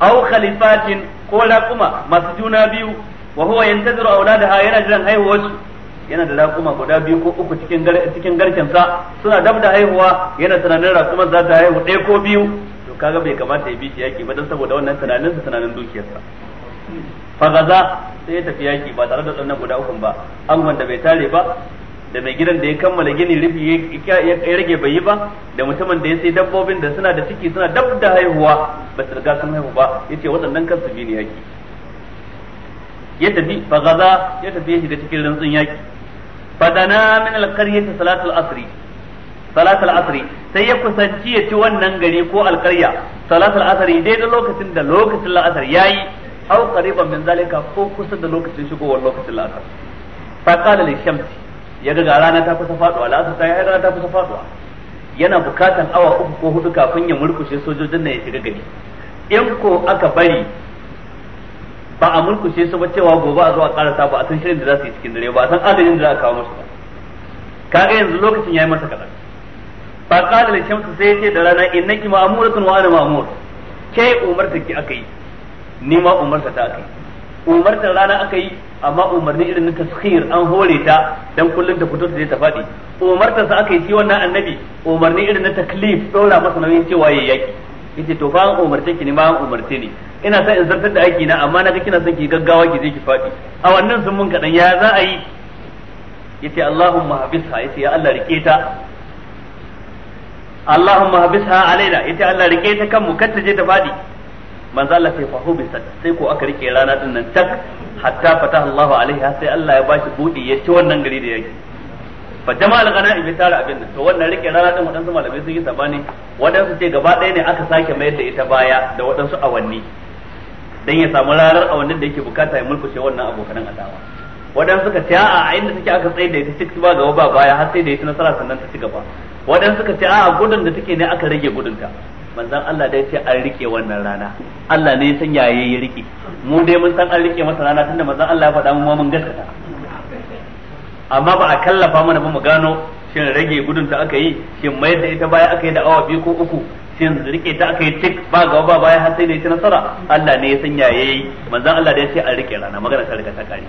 aw khalifatin ko kuma masu juna biyu wa huwa da ha yana jiran haihuwarsu yana da raƙuma guda biyu ko uku cikin cikin garken sa suna dab da haihuwa yana tunanin raƙumar za ta haihu ɗaya ko biyu to kaga bai kamata ya bi shi yaki ba dan saboda wannan tunanin sa tunanin dukiyarsa fagaza sai ya tafi yaki ba tare da tsannan guda uku ba angon da bai tare ba da mai gidan da ya kammala gini rufi ya rage bai yi ba da mutumin da ya sai dabbobin da suna da ciki suna dab da haihuwa ba su riga sun haihu ba yace waɗannan kansu bi ne yaki ya tafi fagaza ya tafi ya shiga cikin rantsin yaki fadana min alqaryati salatul asri salatul asri sai ya kusanci ya ci wannan gari ko alqarya salatul asri da lokacin da lokacin la'asar yayi aw qariban min zalika ko kusa da lokacin shigowar lokacin la'asar fa qala shamsi ya ga rana ta kusa faduwa la'asar ta yayi rana ta kusa faduwa yana bukatan awa uku ko hudu kafin ya murkushe sojojin nan ya shiga gari in ko aka bari ba a mulkushe su ba cewa gobe a zo a karasa ba a san shirin da za su yi cikin dare ba a san adadin da za a kawo musu ba kaga yanzu lokacin yayi masa kadan a qala lil shamsu sai yace da rana innaki ma'muratun wa ana ma'mur kai umarta ki aka ni ma umarta ta aka yi umartar rana aka yi amma umarni irin na taskhir an hore ta dan kullun ta fito ta je ta faɗi umartar sa aka yi shi wannan annabi umarni irin na taklif dora masa nauyin cewa yayi yaki yace to fa an umarce ki ne ma an umarce ni ina son in zartar da aiki na amma naga kina son ki gaggawa ki je ki fadi a wannan sun mun kadan ya za a yi yace Allahumma habisha yace ya Allah rike ta Allahumma habisha alaina yace Allah rike ta kanmu mu ta je ta fadi manzo Allah sai fahu bisa sai ko aka rike rana din nan tak hatta fataha Allahu alaiha sai Allah ya bashi budi ya ci wannan gari da yake fa jama'al ghana'im ya tara abin nan to wannan rike rana din wadansu malamai sun yi sabani wadansu ce gaba ɗaya ne aka sake mayar da ita baya da wadansu awanni dan ya samu ranar awannin da yake bukata ya mulkushe wannan abokanan adawa wadansu suka ce a'a inda take aka tsaye da ita tik ba gaba ba baya har sai da ita nasara sannan ta ci gaba wadansu suka ce a'a gudun da take ne aka rage gudun ta manzon Allah dai ce an rike wannan rana Allah ne ya sanya yayi ya rike mu dai mun san an rike masa rana tunda manzon Allah ya faɗa mu ma mun gaskata amma ba a kallafa mana ba mu gano shin rage gudun ta aka yi shin mayar da ita baya aka yi da awa biyu ko uku shin rike ta aka yi tik ba ga ba baya har sai da ita nasara Allah ne ya sanya yayi manzon Allah da ya ce a rike rana magana ta rika ta kare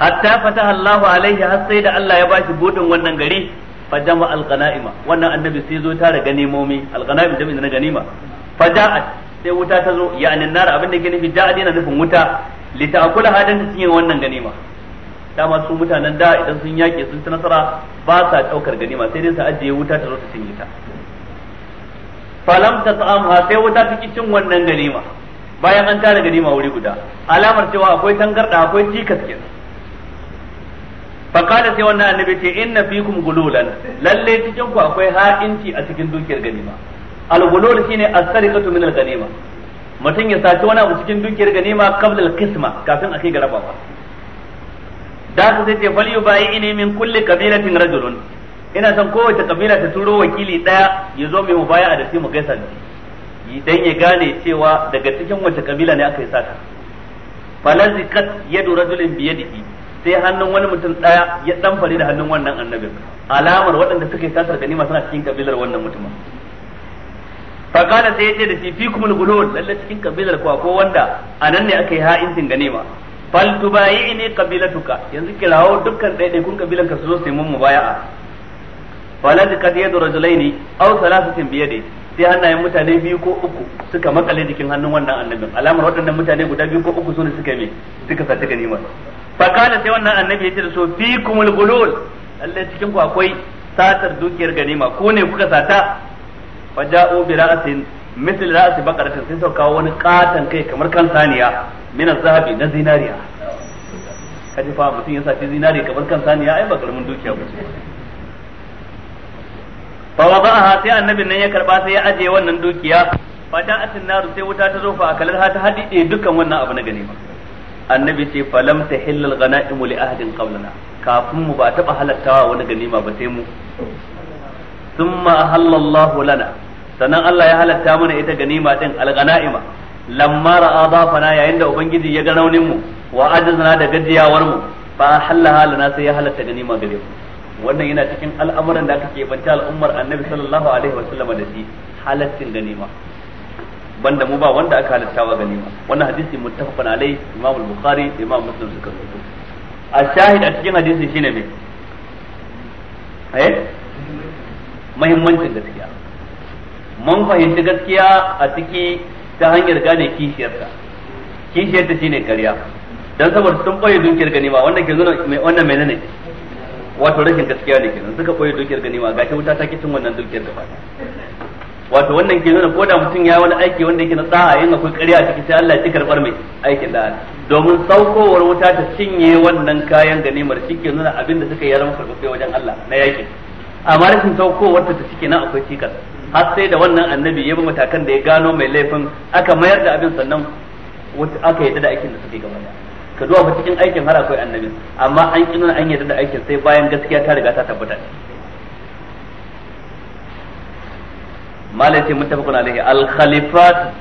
hatta fataha Allahu alaihi har sai da Allah ya bashi budin wannan gari fa al alqanaima wannan annabi sai zo tare ganimomi alqanaim jami'in na ganima fa faja'at sai wuta ta zo ya'ni nar abin da ke nufi ja'at yana nufin wuta li ta'kula hadan cikin wannan ganima dama su mutanen da idan sun yake sun ci nasara ba sa ɗaukar ganima sai dai su ajiye wuta ta zo ta cinye ta falam ta ta'amha sai wuta ta cin wannan ganima bayan an tara ganima wuri guda alamar cewa akwai tangarda akwai jikas kenan faqala sai wannan annabi ce inna fikum gululan lalle cikin ku akwai ha'inci a cikin dukiyar ganima al-gulul shine as-sariqatu min al-ganima mutum ya saci wani abu cikin dukiyar ganima qabla al-qisma kafin a kai ga rabawa da haka sai ce fal yubayi ini min kulli kabilatin rajulun ina son kowace kabila ta turo wakili daya ya zo mai mubaya da sai mu gaisa da dan ya gane cewa daga cikin wace kabila ne aka yi sata falazikat yadu rajulin biyadihi sai hannun wani mutum daya ya dan fare da hannun wannan annabin alamar waɗanda suka yi satar ganima suna cikin kabilar wannan mutumin fakala sai ya ce da shi fi gulul lalle cikin kabilar ku ko wanda anan ne aka yi ha'incin ganima fal tubayi'ni qabilatuka yanzu kirawo dukkan kun kabilan ka su zo su yi mun baya'a falad kad yadu rajulaini aw thalathatin bi yadi sai hannayen mutane biyu ko uku suka makale jikin hannun wannan annabin alamar waɗannan mutane guda biyu ko uku sune suka me suka sa ganimar fa kana sai wannan annabi yace da so kumul gulul Allah cikin ku akwai satar dukiyar ganima ko ne kuka sata faja'u bi ra'atin misl ra'ati baqaratin sai suka kawo wani katan kai kamar kan saniya min zahabi na zinariya kaji fa mutum ya saci zinari kamar kan saniya ai ba karamin dukiya ba fa wada'aha sai annabin nan ya karba sai ya ajiye wannan dukiya fa da'atin naru sai wuta ta zo fa akalar ha ta hadide eh, dukkan wannan abu na ganima annabi ce lam ta hillal ghana'im li ahadin qablana kafin mu ba taba halattawa wani ganima ba sai mu thumma ahallallahu lana sannan Allah ya halatta mana ita ganima din al-ghana'ima lamma ra'a fana yayin da ubangiji ya ga raunin mu wa ajizna da gajiyawar mu fa halaha lana sai ya halatta ganima gare mu wannan yana cikin al'amuran da aka banta al'ummar annabi sallallahu alaihi wa sallam da shi halattin ganima banda mu ba wanda aka halatta wa ganima wannan hadisi muttafaqun alai imam al-bukhari da imam muslim suka rubuta a shahid a cikin hadisi shine me eh muhimmancin gaskiya mun fahimci gaskiya a ciki ta hanyar gane kishiyarta kishiyarta shine kariya dan saboda sun boye dukiyar ganima wannan ke mai wannan menene wato rashin gaskiya ne kenan suka boye dukiyar ganima ga ta wuta ta kitin wannan dukiyar gaba wato wannan ke nuna ko da mutum ya wani aiki wanda yake na sa'a yin akwai kariya a cikin sai Allah ya ci karɓar mai aikin da domin saukowar wuta ta cinye wannan kayan ganimar shi ke nuna abin da suka yi ya zama karɓaɓɓe wajen Allah na yakin amma rashin saukowar ta ta cike nan akwai cikas har sai da wannan annabi ya bi matakan da ya gano mai laifin aka mayar da abin sannan aka yadda da aikin da suke gaba ka duba cikin aikin har akwai annabi amma an kin an yadda da aikin sai bayan gaskiya ta riga ta tabbata malai ce kuna alaihi al khalifat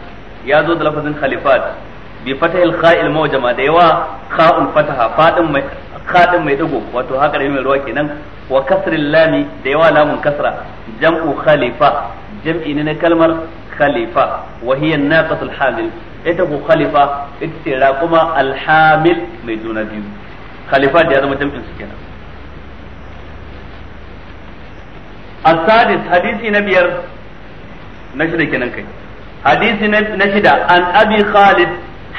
ya zo da lafazin khalifat bi fatahil kha'il mawjama da yawa kha'un fataha fadin mai khadin mai wato haka da mai ruwa kenan wa kasrin lami da yawa lamun kasra jam'u khalifa jam'i ne na kalmar khalifa wa hiya naqatul hamil ita ko khalifa ita ce raquma al hamil mai juna biyu khalifa da ya zama jam'in su kenan السادس حديث نبير نشد كنن حديث نشد عن أبي خالد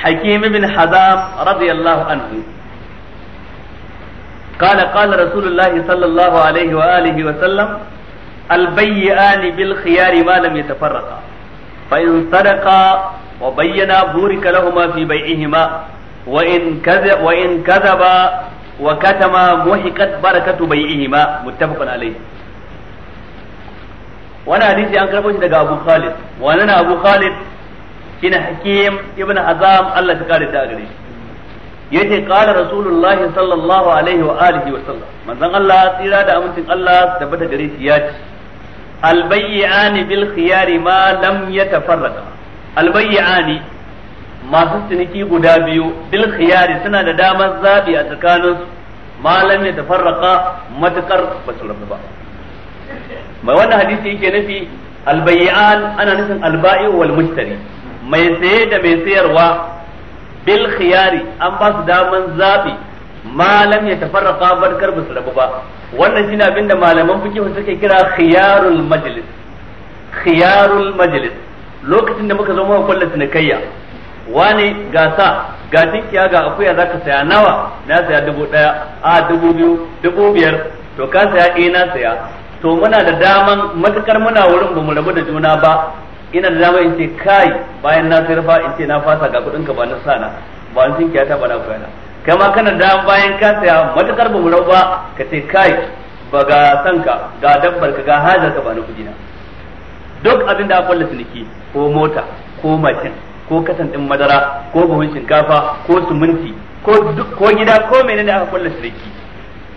حكيم بن حزام رضي الله عنه قال قال رسول الله صلى الله عليه وآله وسلم albayyani bil khiyari ya lam yatafarraqa fa in sadaqa wa bayyana burika lahumu fi bai'ihima wa in kadha wa in kadhaba wa katama muhiqat barakatu bai'ihima muttafaqun alayhi wani hadisi an karbo shi daga Abu Khalid wani na Abu Khalid shine Hakim ibn Azam Allah ta kare ta gare shi yace qala Rasulullah sallallahu alaihi wa wa sallam Allah tsira da amincin Allah tabbata gare shi albayyani bil khiyari ma lam yatafarraqa albayyani masu ciniki guda biyu bil khiyari suna da damar zabi a tsakaninsu ma lam yatafarraqa matakar basu rabu ba mai wannan hadisi yake nufi albayyan ana nufin alba'i wal mushtari mai saye da mai sayarwa bil khiyari an ba su daman zabi ma lam yatafarraqa barkar basu rabu ba wannan shine abin da malaman fiqh suke kira khiyarul majlis khiyarul majlis lokacin da muka zo muka kulla cinikayya wani gasa ga tinkiya ga akuya zaka saya nawa na saya dubu daya a dubu biyu dubu biyar to ka saya eh na saya to muna da daman matukar muna wurin bamu rabu da juna ba ina da dama in ce kai bayan na sarfa in ce na fasa ga kudin ka ba na sana ba an tinkiya ta ba na kuyana kai ma kana da bayan ka saya matakar ba mu ba ka ce kai ba ga sanka ga dabbar ka ga hajar ka ba na kuji na duk abin da aka ciniki ko mota ko mashin ko kasan din madara ko buhun shinkafa ko suminti ko ko gida ko menene aka kulla ciniki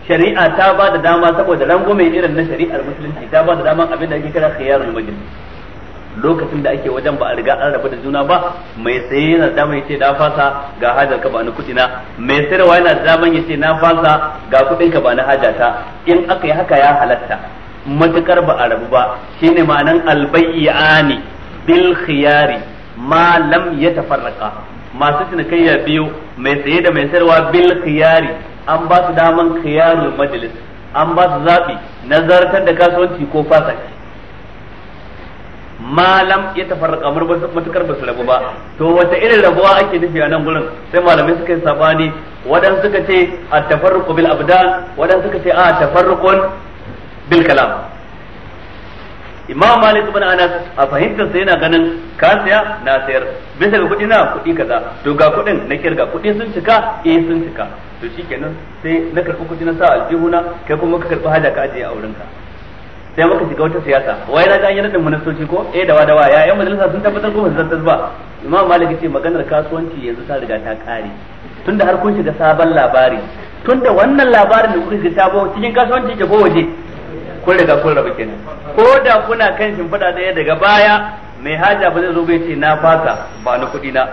shari'a ta ba da dama saboda rango mai irin na shari'ar musulunci ta ba da dama abin da ake kira khiyarul majlis lokacin da ake wajen ba a riga an rabu da juna ba mai saye yana da daman yace na fasa ga hajar ka ba ni kudi na mai sayarwa yana da yace na fasa ga kudin ka ba ni hajata in aka yi haka ya halatta matukar ba a rabu ba shine ma'anan albayyani bil khiyari ma lam yatafarraqa masu cinikayya biyo mai saye da mai sayarwa bil khiyari an ba su daman khiyarul majlis an ba su zabi nazartar da kasuwanci ko fasa malam ya tafarraka matukar ba su rabu ba to wata irin rabuwa ake nufi a nan gurin sai malamai suka yi sabani wadanda suka ce a tafarruku bil abdan wadanda suka ce a ah, tafarrukun bil kalam imam malik ibn anas a fahimtar sa yana ganin ka saya na sayar bisa ga kudi na kudi kaza to ga kudin na kirga kudi sun cika eh sun cika to shikenan sai na karbi kudi na sa aljihuna kai kuma ka karbi haja ka ajiye a wurinka sai muka shiga wata siyasa wai na ga an yi ministoci ko eh dawa dawa ya yan majalisa sun tabbatar ko sun zartas ba imam malik ce maganar kasuwanci yanzu ta riga ta kare tunda har kun shiga sabon labari tunda wannan labarin da kuka shiga sabo cikin kasuwanci ke ko waje kun riga kun rabu kenan ko da kuna kan shimfiɗa ɗaya daga baya mai haja ba zai zo bai ce na fasa ba na kuɗi na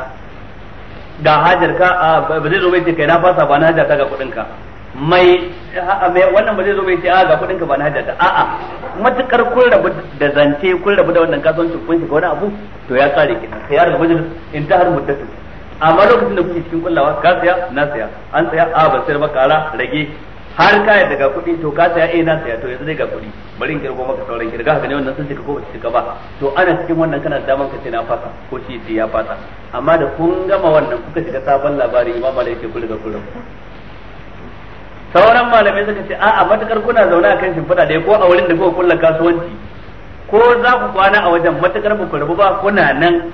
ga hajar ka ba zai zo bai ce kai na fasa ba na hajar ta ga kuɗin ka mai wannan ba zai zo bai ce a ga kudin ka ba na hajjata a'a matukar kun rabu da zance kun rabu da wannan kasuwanci kun shiga wani abu to ya ya kenan khiyar in ta har muddatu amma lokacin da kuke cikin kullawa ka saya na saya an saya a ba sai ba kara rage har ka yadda ga kuɗi to ka saya eh na saya to yanzu zai ga kudi bari in kirgo maka sauran kirga haka ne wannan sun cika ko ba cika ba to ana cikin wannan kana da daman ka ce na fasa ko shi ya fasa amma da kun gama wannan kuka shiga sabon labari imam malai ce kullu da kullu sauran malamai suka ce a'a matakar kuna zaune a kan shimfiɗa ɗaya ko a wurin da kuka kulla kasuwanci ko za ku kwana a wajen matakar ku rabu ba kuna nan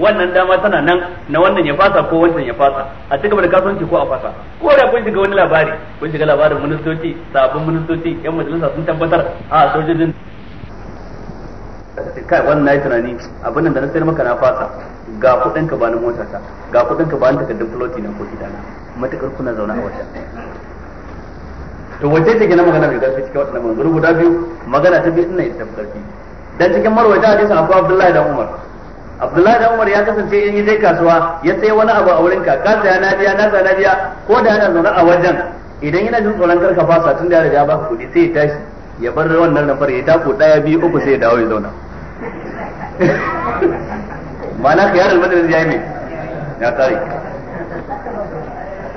wannan dama tana nan na wannan ya fasa ko wancan ya fasa a cikin da kasuwanci ko a fasa ko da kun shiga wani labari kun shiga labarin ministoci sabon ministoci yan majalisa sun tabbatar a sojojin kai wannan yi tunani abin da na sayar maka na fasa ga kuɗin ka ba na motarsa ga kuɗin ka ba na takardun floti na ko gidana matakar kuna zaune a wajen to wace take na magana mai zafi cikin waɗannan maganganu guda biyu magana ta biyu ina ita karfi dan cikin a hadisin akwai Abdullahi dan Umar Abdullahi dan Umar ya kasance in yi dai kasuwa ya sai wani abu a wurin ka ya saya na biya na saya na biya ko da yana zaune a wajen idan yana jin tsoron karka fasa tun da ya riga baka kuɗi sai ya tashi ya bar wannan lambar ya tako daya biyu uku sai ya dawo ya zauna *laughs* ma'ana khiyarul madrid ya yi ne ya tsare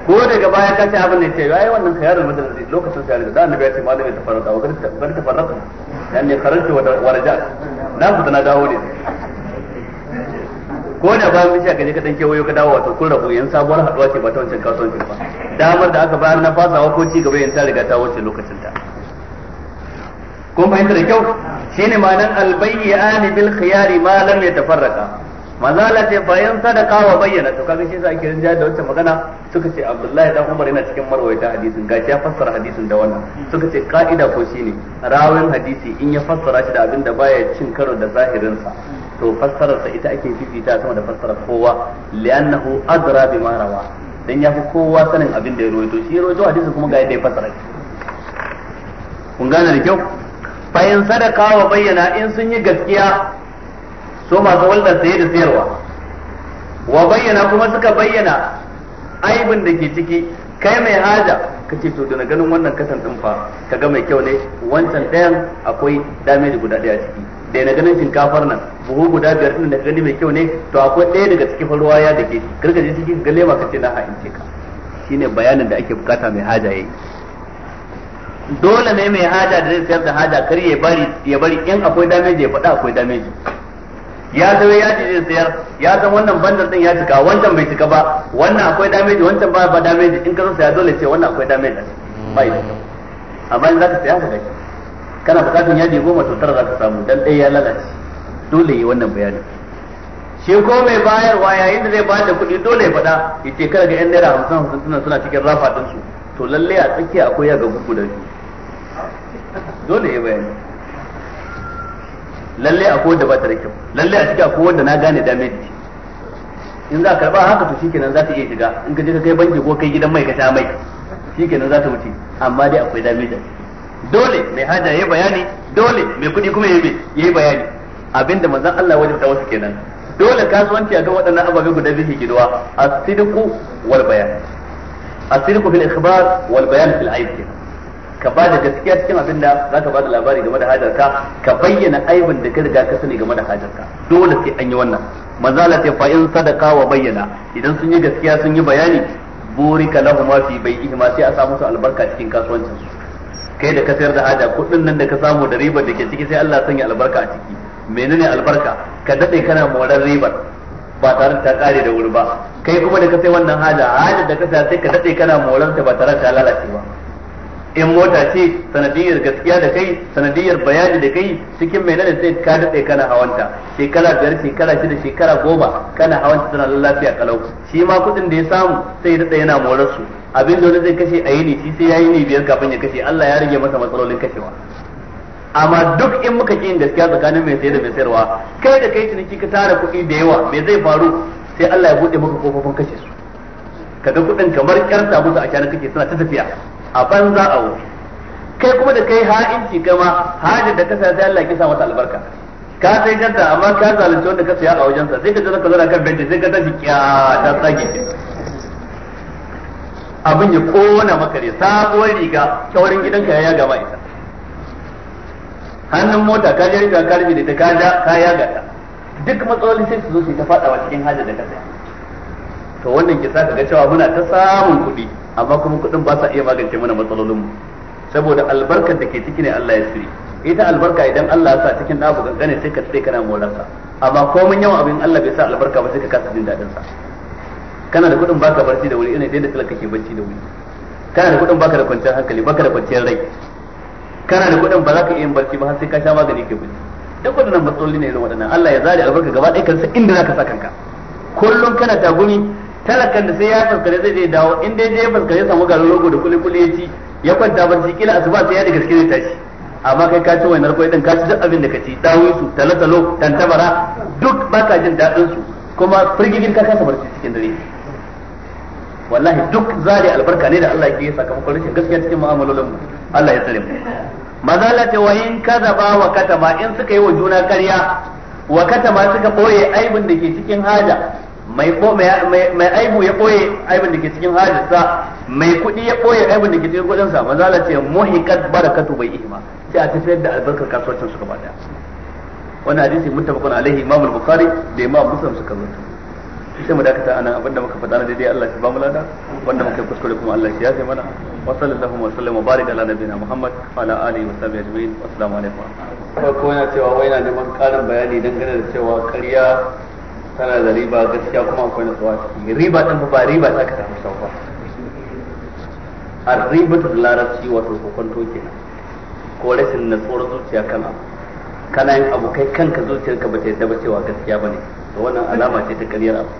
ko daga baya ka ce abin da ce yayi wannan khayarul madrasa lokacin sai da annabi ya ce malami ta farka wa garta ban ta farka dan ne karanta wa raja na fita na dawo ne ko da ba mu ka je ka dan kewayo ka dawo wato kun rabu yan sabuwar haduwa ce ba ta wancan kasuwanci ba damar da aka bayar na fasawa ko ci gaba yan ta riga ta wuce lokacin ta kun fahimta da kyau shine ma'anar albayyani bil khiyari ma lam tafarraka manzala ce bayan sadaka wa bayyana to kaga shi yasa ake rinja da wacce magana suka ce Abdullahi dan Umar yana cikin marwayata hadisin gashi ya fassara hadisin da wannan suka ce ka'ida ko shine rawin hadisi in ya fassara shi da abin da baya cin karo da zahirin sa to fassarar sa ita ake fifita sama da fassarar kowa li'annahu adra bima rawa dan yafi kowa sanin abin da ya rawaito shi rawaito hadisi kuma ga yadda ya fassara shi kun gane da kyau bayan sadaka wa bayyana in sun yi gaskiya su masu hulɗar saye da sayarwa wa bayyana kuma suka bayyana aibin da ke ciki kai mai haja ka ce to da ganin wannan kasan din fa ka ga mai kyau ne wancan ɗayan akwai da guda ɗaya ciki da na ganin shinkafar nan buhu guda biyar din da gani mai kyau ne to akwai ɗaya daga cikin ruwa ya dake karka je cikin gale ma ka ce na ha'ince ka shine bayanin da ake bukata mai haja yayi dole ne mai haja da zai sayar da haja kar ya bari ya bari in akwai dame ya faɗa akwai damage ya zama ya ce zai sayar ya san wannan bandar din ya cika wancan bai cika ba wannan akwai damage wancan ba ba damage in ka zo saya dole ce wannan akwai damage bai da amma in zaka saya ka kana bukatun yaji goma to tara zaka samu dan ɗaya ya lalace dole yi wannan bayani shi ko mai bayarwa yayin da zai bada kuɗi dole ya faɗa yace kada ga yan naira hamsin hamsin suna suna cikin rafa din su to lalle a tsakiya akwai ya ga gugu da dole ya bayani lalle akwai da ba ta da lalle a shiga ko wanda na gane dame shi in za ka karba haka to shikenan za ta iya shiga in ka je ka kai banki ko kai gidan mai ka sha mai shikenan za ta wuce amma dai akwai da dole mai haja yayi bayani dole mai kuɗi kuma yayi yayi bayani abinda manzon Allah wajen ta wasu kenan dole kasuwanci a ga waɗannan ababe guda biyu ke gidowa a sidqu wal bayan a sidqu fil ikhbar wal bayan fil aib ka ba da gaskiya cikin abin da za ka ba da labari game da hajarka ka bayyana aibin da ka riga ka sani game da hajarka dole sai an yi wannan manzala ta fa in sadaka wa bayyana idan sun yi gaskiya sun yi bayani burika ma fi bai'ihim sai a samu su albarka cikin kasuwancin su kai da ka sayar da haja kuɗin nan da ka samu da ribar da ke ciki sai Allah sanya albarka a ciki menene albarka ka dade kana moran ribar ba tare ta kare da wuri ba kai kuma da ka sai wannan haja haja da ka sai ka dade kana moran ta ba tare da ta lalace ba in mota ce sanadiyar gaskiya da kai sanadiyar bayani da kai cikin mai nanin sai ka daɗe kana hawanta shekara biyar shekara shida shekara goma kana hawanta tana lafiya kalau shi ma kuɗin da ya samu sai daɗe yana morar su abin da wani zai kashe a yini shi sai ya yi ne biyar kafin ya kashe Allah ya rage masa matsalolin kashewa amma duk in muka ƙi gaskiya tsakanin mai sayar da mai sayarwa kai da kai ciniki ka tara kuɗi da yawa me zai faru sai Allah ya buɗe maka kofofin kashe su Ka ga kuɗin kamar kyarta musu a kyanar kake suna ta tafiya a banza a wuri kai kuma da kai ha'inci gama hajin da ka saya sai Allah ya sa mata albarka ka sai ganta amma ka zalunci wanda ka saya a wajensa sai ka zo ka zauna kan benci sai ka tafi kiya ta tsage abin ya kona maka ne sabuwar riga kyaurin gidanka ya gama ita hannun mota ka je riga ka rufe da ta ka ka yaga ta duk matsaloli sai su zo su ta fadawa cikin hajar da ka saya to wannan kisa ka ga cewa muna ta samun kuɗi amma kuma kuɗin ba sa iya magance mana matsalolin mu saboda albarkar da ke ciki ne Allah ya siri ita albarka idan Allah ya sa cikin ɗabu gangane sai ka tsaye kana morarsa amma komai yawan abin Allah bai sa albarka ba sai ka kasa jin dadin sa kana da kuɗin baka barci da wuri dai da talaka kake barci da wuri kana da kuɗin baka da kwanciyar hankali baka da kwanciyar rai kana da kuɗin ba za ka iya barci ba har sai ka sha magani ke barci duk waɗannan matsaloli ne irin waɗannan Allah ya zare albarka gaba ɗaya kansa inda za ka sa kanka kullum kana tagumi talakan da sai ya faskare zai je dawo in dai je faskare samu garin rogo da kuli kuli ya ci ya kwanta barci kila asuba sai ya da gaske zai tashi amma kai ka ci wani kwai din ka ci duk abin da ka ci dawo su talatalo tantabara duk baka jin dadin su kuma firgigin ka kasa barci cikin dare wallahi duk zari albarka ne da Allah ke yi sakamakon rashin gaskiya cikin mu'amalolin mu Allah ya tsare mu mazala ta wayin kadaba wa katama in suka yi wa juna ƙarya wa katama suka boye aibin da ke cikin haja mai mai aibu ya boye aibin da ke cikin hajjinsa mai kuɗi ya boye aibin da ke cikin kuɗinsa ma zala ce muhiqat barakatu bai ihma sai a tafiyar da albarkar kasuwancin su gaba daya wannan hadisi muttafaqun alaihi imamul al-bukhari da imam muslim suka zo sai mu dakata anan abinda muka faɗa na daidai Allah shi ba mu lada wanda muka kuskure kuma Allah shi ya sai mana wa sallallahu wa sallam wa barik ala nabiyina muhammad wa ala alihi wa sahbihi ajma'in assalamu alaikum ko yana cewa wai yana neman karin bayani dangane da cewa ƙarya tana da riba gaskiya kuma akwai nutsuwa ciki riba ɗin ba riba ta ka samu sauka a riba da larabci wato kokonto kenan ko rashin natsuwar zuciya kan abu kana yin abu kai kanka zuciyarka ba ta yadda ba cewa gaskiya bane to wannan alama ce ta karyar abu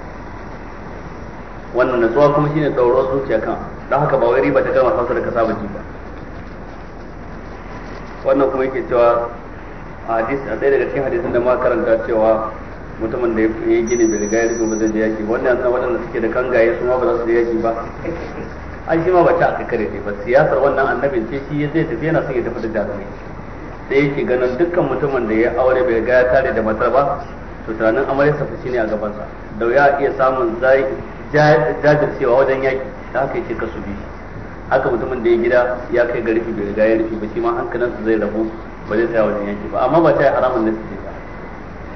wannan nutsuwa kuma shine tsoron zuciya kan don haka ba wai riba ta gama sauka da ka saba ji ba wannan kuma yake cewa a hadis a ɗaya daga cikin hadisin da ma karanta cewa mutumin da ya gini bai riga ya rufe ba zai je yaki wannan na waɗanda suke da kangaye su ma ba za su je yaki ba an shi ma ba ta aka kare ba siyasar wannan annabin ce shi zai tafi yana son ya tafi da jarumai sai yake ganin dukkan mutumin da ya aure bai riga ya tare da matar ba to tunanin amarya sa shi ne a gabansa da ya iya samun jajircewa wajen yaki da haka yake kasu bi haka mutumin da ya gida ya kai garifi bai riga ya rufe ba shi ma hankalinsa zai rabu ba zai tsaya wajen yaki ba amma ba ta yi haramun nasi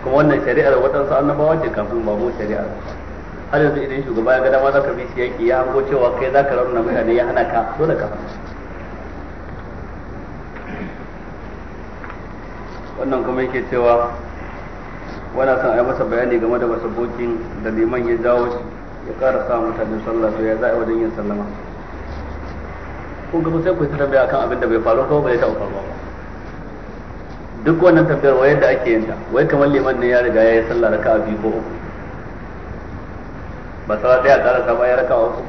kuma wannan shari'ar waɗansu annabawa ce kafin ba mu shari'ar har yanzu idan shugaba ya ga dama zaka bi shi yaƙi ya hango cewa kai zaka rauna mutane ya hana ka dole ka wannan kuma yake cewa wani son a yi masa bayani game da bokin da liman ya jawo shi ya ƙara sa mutane sallah to ya za a yi wajen yin sallama kun gaba sai ku yi tambaya akan abin da bai faru ko bai taɓa faruwa ba duk wannan tafiyar wa yadda ake yin ta wai kamar liman ne ya riga ya yi sallah a biyu ko uku ba sa ɗaya a ƙarasa ba ya a uku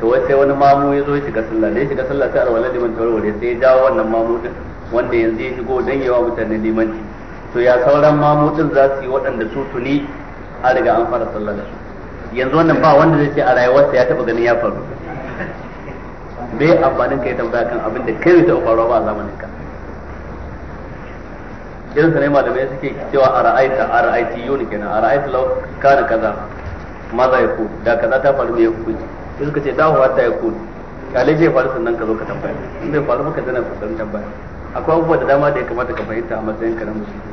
to wai sai wani mamu ya zo ya shiga sallah da ya shiga sallah sai alwala liman ta warware sai ya jawo wannan mamu din wanda yanzu ya shigo dan yawa mutane limanci to ya sauran mamu din za su yi waɗanda su tuni a riga an fara sallah da su yanzu wannan ba wanda zai ce a rayuwarsa ya taɓa ganin ya faru bai amfanin ka yi tambaya kan abin da kai ta taɓa faruwa ba a zamanin ka irin sa ne malamai suke cewa a a ra'aita ra'aiti ara'aita ara'aiti a ra'aita lau ka da kaza ma za ya ku da kaza ta faru me ya hukunci sai suka ce dawowa ta ya ku kale je faru sannan ka zo ka tambaya in bai faru maka zana kokarin tambaya akwai abubuwa da dama da ya kamata ka fahimta a matsayin ka na musulmi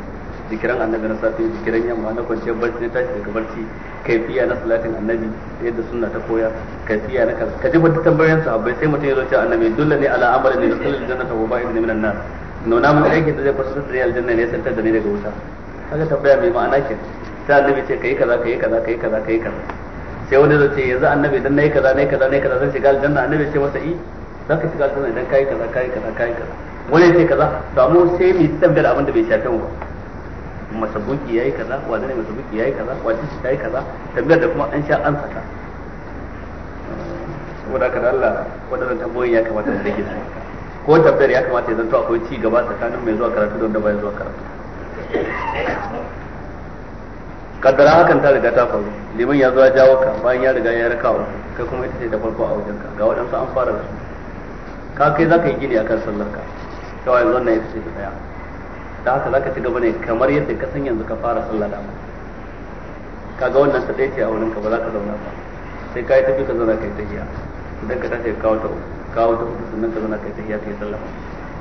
jikiran annabi na safe jikiran yamma na kwanciyar barci na tashi daga barci kai fiya na salatin annabi yadda sunna ta koya kai fiya na kaza ka ji wata tambayoyin sahabbai sai mutum ya zo ce annabi dole ne ala amarin ne da sallar jannata wa ba'id ne an nan nuna mun aiki da zai fassara da aljanna ne sai ta da ni daga wuta kaga tabbaya mai ma'ana ke sai annabi ce kai kaza kai kaza kai kaza kai kaza sai wani zai ce yanzu annabi dan nayi kaza nayi kaza nayi kaza zai shiga aljanna annabi ce masa i zaka shiga aljanna idan kai kaza kai kaza kai kaza wani ce kaza to amma sai mu tambayar abin da bai shafe mu ba masabuki yayi kaza wanda ne masabuki yayi kaza wanda shi yayi kaza tambayar da kuma an sha an saka saboda ka da Allah wadannan tambayoyin ya kamata mu rage su ko tafiyar ya kamata ya zanto akwai ci gaba tsakanin mai zuwa karatu da wanda bai zuwa karatu kaddara hakan ta riga ta faru liman ya zo ya jawo ka bayan ya riga ya rakawa kai kuma ita ce da farko a wajen ka ga waɗansu an fara da su ka kai za ka yi gini a kan sallar ka kawai yanzu wannan ita ce ta tsaya da haka za ka ci gaba ne kamar yadda ka san yanzu ka fara sallar da ka ga wannan ta ɗaya ce a wurin ka ba za ka zauna ba sai ka yi tafi ka zauna ka yi tafiya ka tashi kawo ta kawo ta sannan ka zauna kai kai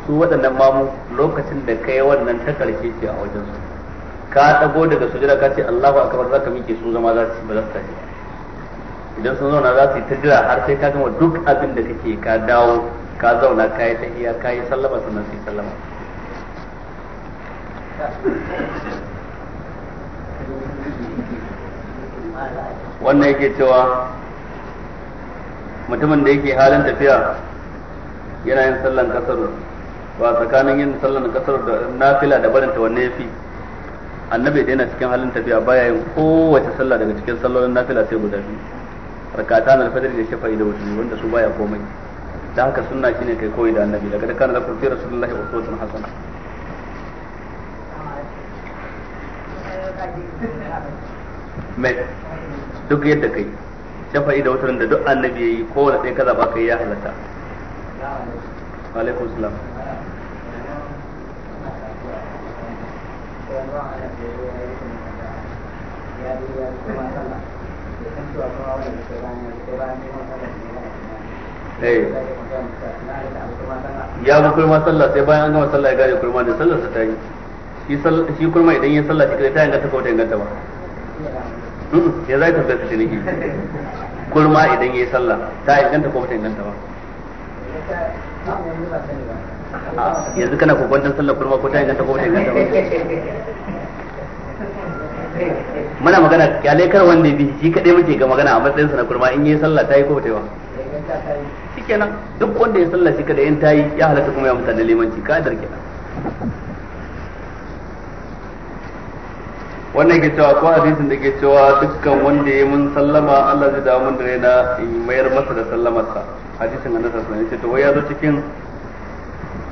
su waɗannan mamu lokacin da kai wannan ta karshe ce a wajen su ka dago daga sujada ka ce Allahu akbar zaka miƙe su zama za su ba za su tashi idan sun zauna za su yi ta jira har sai ka gama duk abin da kake ka dawo ka zauna ka yi ta iya ka yi sallama sannan su yi sallama wannan yake cewa mutumin da yake halin tafiya yana yin sallan kasar ba tsakanin yin sallan kasar da nafila da barinta wanne ya fi annabi da yana cikin halin tafiya baya yin kowace sallah daga cikin sallolin nafila sai guda biyu rakata na alfajir da shafa'i da wuturi wanda su baya komai da haka sunna shine kai koyi da annabi daga da kana da kurfi rasulullahi wasu hasana mai duk yadda kai shafa'i da watarin da duk annabi ya yayi kowane ɗaya kaza ba ka yi ya halatta alaikum salam eh. ya ga kurma sallah sai bayan an gama sallah ya gane kurma da sallah sa ta yi shi kurma idan yin sallah shi kai ta yanga ta kawai ta inganta ba ya zai tabbata ta niki kurma idan yayi sallah ta inganta ko bata inganta ba ah, yanzu kana kokwantar sallar kurma ko ta inganta ko bata inganta ba muna magana kyale kar wanda bi shi kadai muke ga magana a matsayin sa na kurma in yayi sallah ta yi ko bata yi ba shikenan duk wanda ya sallah shi kadai in ta yi ya halatta kuma ya mutane limanci kadar kenan wannan ke cewa ko hadisin da ke cewa dukkan wanda ya mun sallama Allah zai dawo mun da raina in mayar masa da sallamarsa hadisin annabi sallallahu alaihi wasallam ya ce to wai ya zo cikin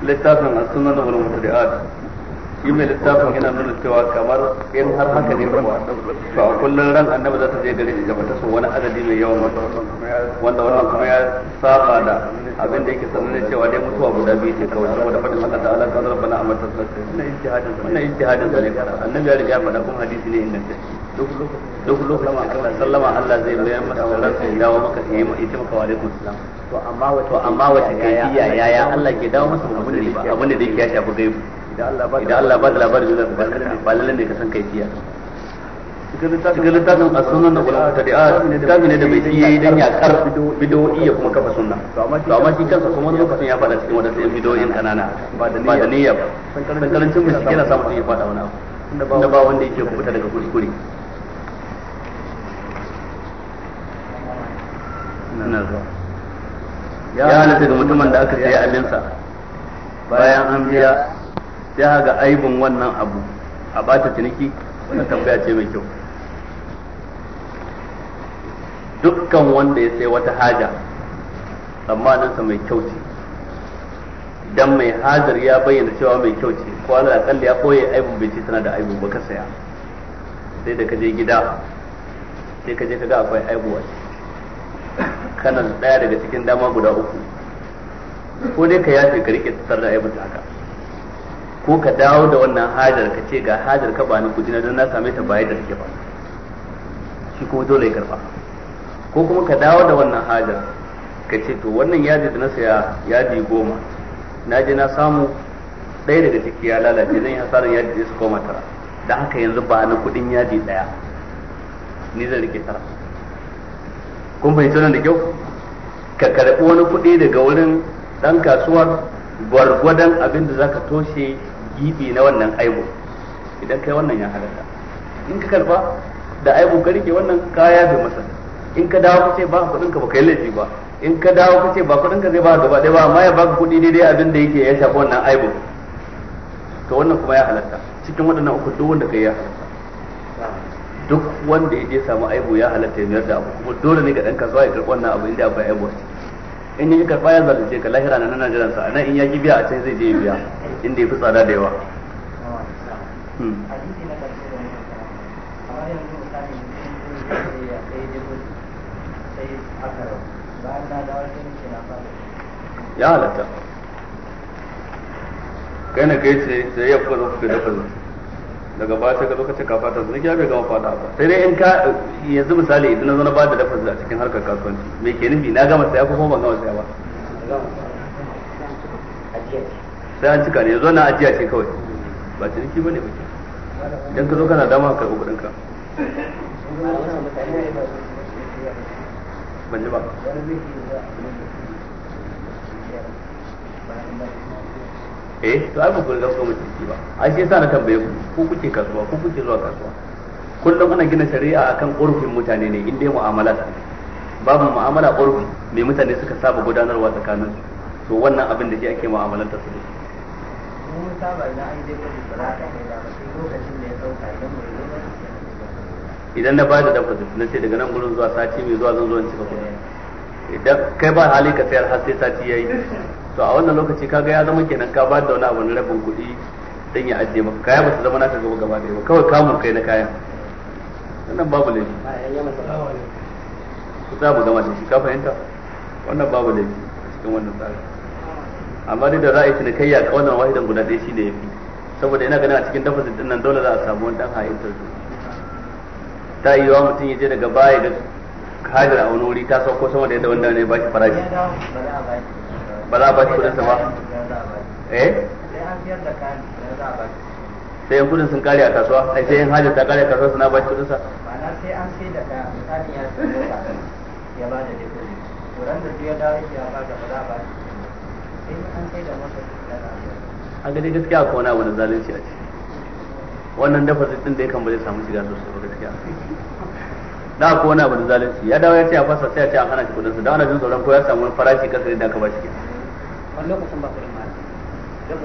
littafin as da wal mutadiat yi mai littafin yana nuna cewa kamar in har haka ne ba a kullum ran annabi za ta je gare shi ta wani adadi mai yawan wanda wannan kuma ya saba da abin da yake da cewa dai mutuwa guda biyu ce kawai saboda faɗin Allah ta'ala sa ne annabi ya riga faɗa kuma hadisi ne ce duk lokacin sai dawo ya idan Allah ba da labarin juna ba lalle ne ka san kai fiya cikin littafin a sunan da kula ta da littafi ne da bai fiye don yakar bidoyi ya kuma kafa sunna to amma shi kansa kuma lokacin ya fada cikin wadansu bidoyin kanana ba da niyya ba sankarancin musu yana sa mutum ya fada wani abu da ba wanda yake kubuta daga kuskure ya halatta ga mutumin da aka sayi abinsa bayan an biya sai ga aibin wannan abu a bata ciniki wannan tambaya ce mai kyau dukkan wanda ya sai wata haja tsammaninsa mai kyau ce dan mai hajar ya bayyana cewa mai kyau ce ko Allah akalla ya koye aibun bai ci tana da aibin ba ka saya sai da ka je gida sai ka je ka ga akwai aibu a kana daya daga cikin dama guda uku ko dai ka yace ka rike tsar da aibun haka ko ka dawo da wannan hajar ka ce ga hajar ka ba ni kudi na don na same ta bayan da take ba shi ko dole ya karba ko kuma ka dawo da wannan hajar ka ce to wannan yaji da na saya yaji goma na je na samu ɗaya daga ciki ya lalace zan yi hasarar yaji da su koma tara da haka yanzu ba na kudin yaji ɗaya ni zan rike tara kun fahimci nan da kyau ka karɓi wani kuɗi daga wurin ɗan kasuwar gwargwadon abin da za ka toshe gibi na wannan aibu idan kai wannan ya halatta in ka karba da aibu ka rike wannan kaya bai masa in ka dawo kace ba kudin ka ba yi laifi ba in ka dawo kace ba kudin ka zai ba gaba dai ba amma ya baka kudi dai abin da yake ya shafi wannan aibu to wannan kuma ya halatta cikin waɗannan uku duk wanda kai ya halatta duk wanda ya je samu aibu ya halatta ya mayar da abu kuma dole ne ga dan kasuwa ya karɓi wannan abu inda akwai aibu a ciki in yi karɓa ya zalunce ka lahira na nan jiran sa nan in ya ki biya a can zai je biya inda ya fi tsada da yawa hmm. ya halatta kai na kai ce sai ya fi zafi da fi daga baya sai ka zo ka ce ka fata zuwa ya bai gama fada ba sai dai in ka yanzu misali idan na zo na da dafas a cikin harkar kasuwanci me ke nufi na gama saya ko kuma ban gama saya ba sai an cika ne yanzu na ajiya ce kawai ba ciniki bane ba ke idan ka zo kana dama ka karɓi kuɗin ka ban ji ba eh to ai ba ku riga ku gama ba ai shi yasa na tambaye ku ko kuke kasuwa ko kuke zuwa kasuwa kullum ana gina shari'a akan urfin mutane ne inda mu'amala babu mu'amala urfi mai mutane suka saba gudanarwa tsakanin su to wannan abin da shi ake ta su ne idan na bada dafa na ce daga nan gurin zuwa sati mai zuwa zan zo in cika kuɗi eh. idan kai ba hali ka sayar har sai sati yayi *laughs* to a wannan lokaci kaga ya zama kenan ka ba da wani abu na rabin kuɗi dan ya ajiye maka kaya ba su zama naka gaba gaba ba kawai kamun kai na kayan wannan babu laifi ku za mu gama da shi ka fahimta wannan babu laifi a cikin wannan tsari amma dai da za a yi cinikayya ka wannan wahidan guda ɗaya shine yafi saboda ina ganin a cikin dafa din nan dole za a samu wani dan ha'intar zuwa ta yi wa mutum ya je daga baya ga hajar a wani wuri ta sauko sama da yadda wanda ne ba shi farashi ba za a ba shi kudin sa ba eh sai yan kudin sun kare a kasuwa ai sai yan hajar ta kare a kasuwa suna ba shi kudin sa ba na sai an sai da ka misali ya sai ya ba da dukkan kuran da ya dawo ya ba da ba za a ba shi sai an sai da masa a gaji gaskiya ko na wani zalunci a ce wannan dafa din da ya kan ba zai samu shiga sosai ba gaskiya da ko wani abu da zalunci ya dawo ya ce a fasa sai a ce a hana shi kudin su da wani jin tsoron ko ya samu farashi kasar da aka ba shi kenan wani lokacin ba mara don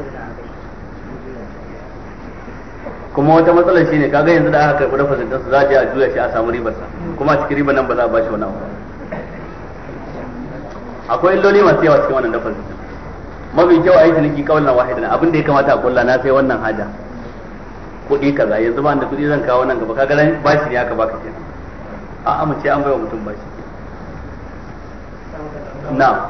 kuma wata matsalar shi ne kaga yanzu da aka karɓi rafazin ɗansu za a je a juya shi a samu ribar kuma a cikin ribar nan ba za a ba shi wani abu akwai illoli masu yawa cikin wannan dafa dafin mafi kyau a yi ciniki kawalan wahidan abin da ya kamata a kulla na sai wannan haja kuɗi kaza yanzu ba da kuɗi zan kawo nan gaba kaga ran bashi ne aka baka kenan a amince an baiwa mutum bashi na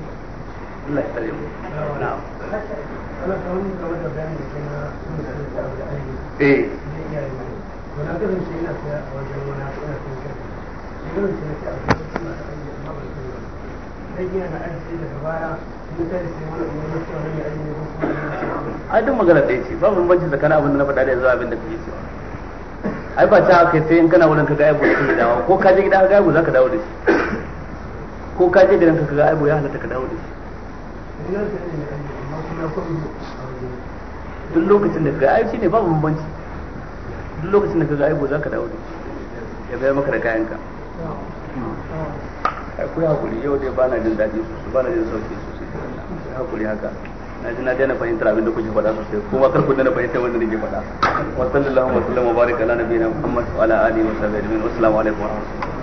Allah ya tsare mu eh. ai duk magana ɗaya ce babu bambanci tsakanin abin da na faɗa da yanzu abin da kake cewa ai ba ta kai sai in kana wurin ka ga aibu kake dawo ko ka je gida ka ga aibu zaka dawo da shi ko ka je garin ka ga aibu ya halatta ka dawo da shi duk lokacin da kaga ai shine babu bambanci duk lokacin da ka ai bo zaka dawo da shi ya bayar maka da kayanka ai ku hakuri yau dai bana jin daɗi sosai bana jin sauki sosai hakuri haka na ji na dena fahimtar abin da kuke faɗa sosai kuma kar ku daina fahimtar wanda nake faɗa wa sallallahu wa sallam wa baraka ala nabiyina muhammad wa ala alihi wa sahbihi wa assalamu alaikum wa rahmatullahi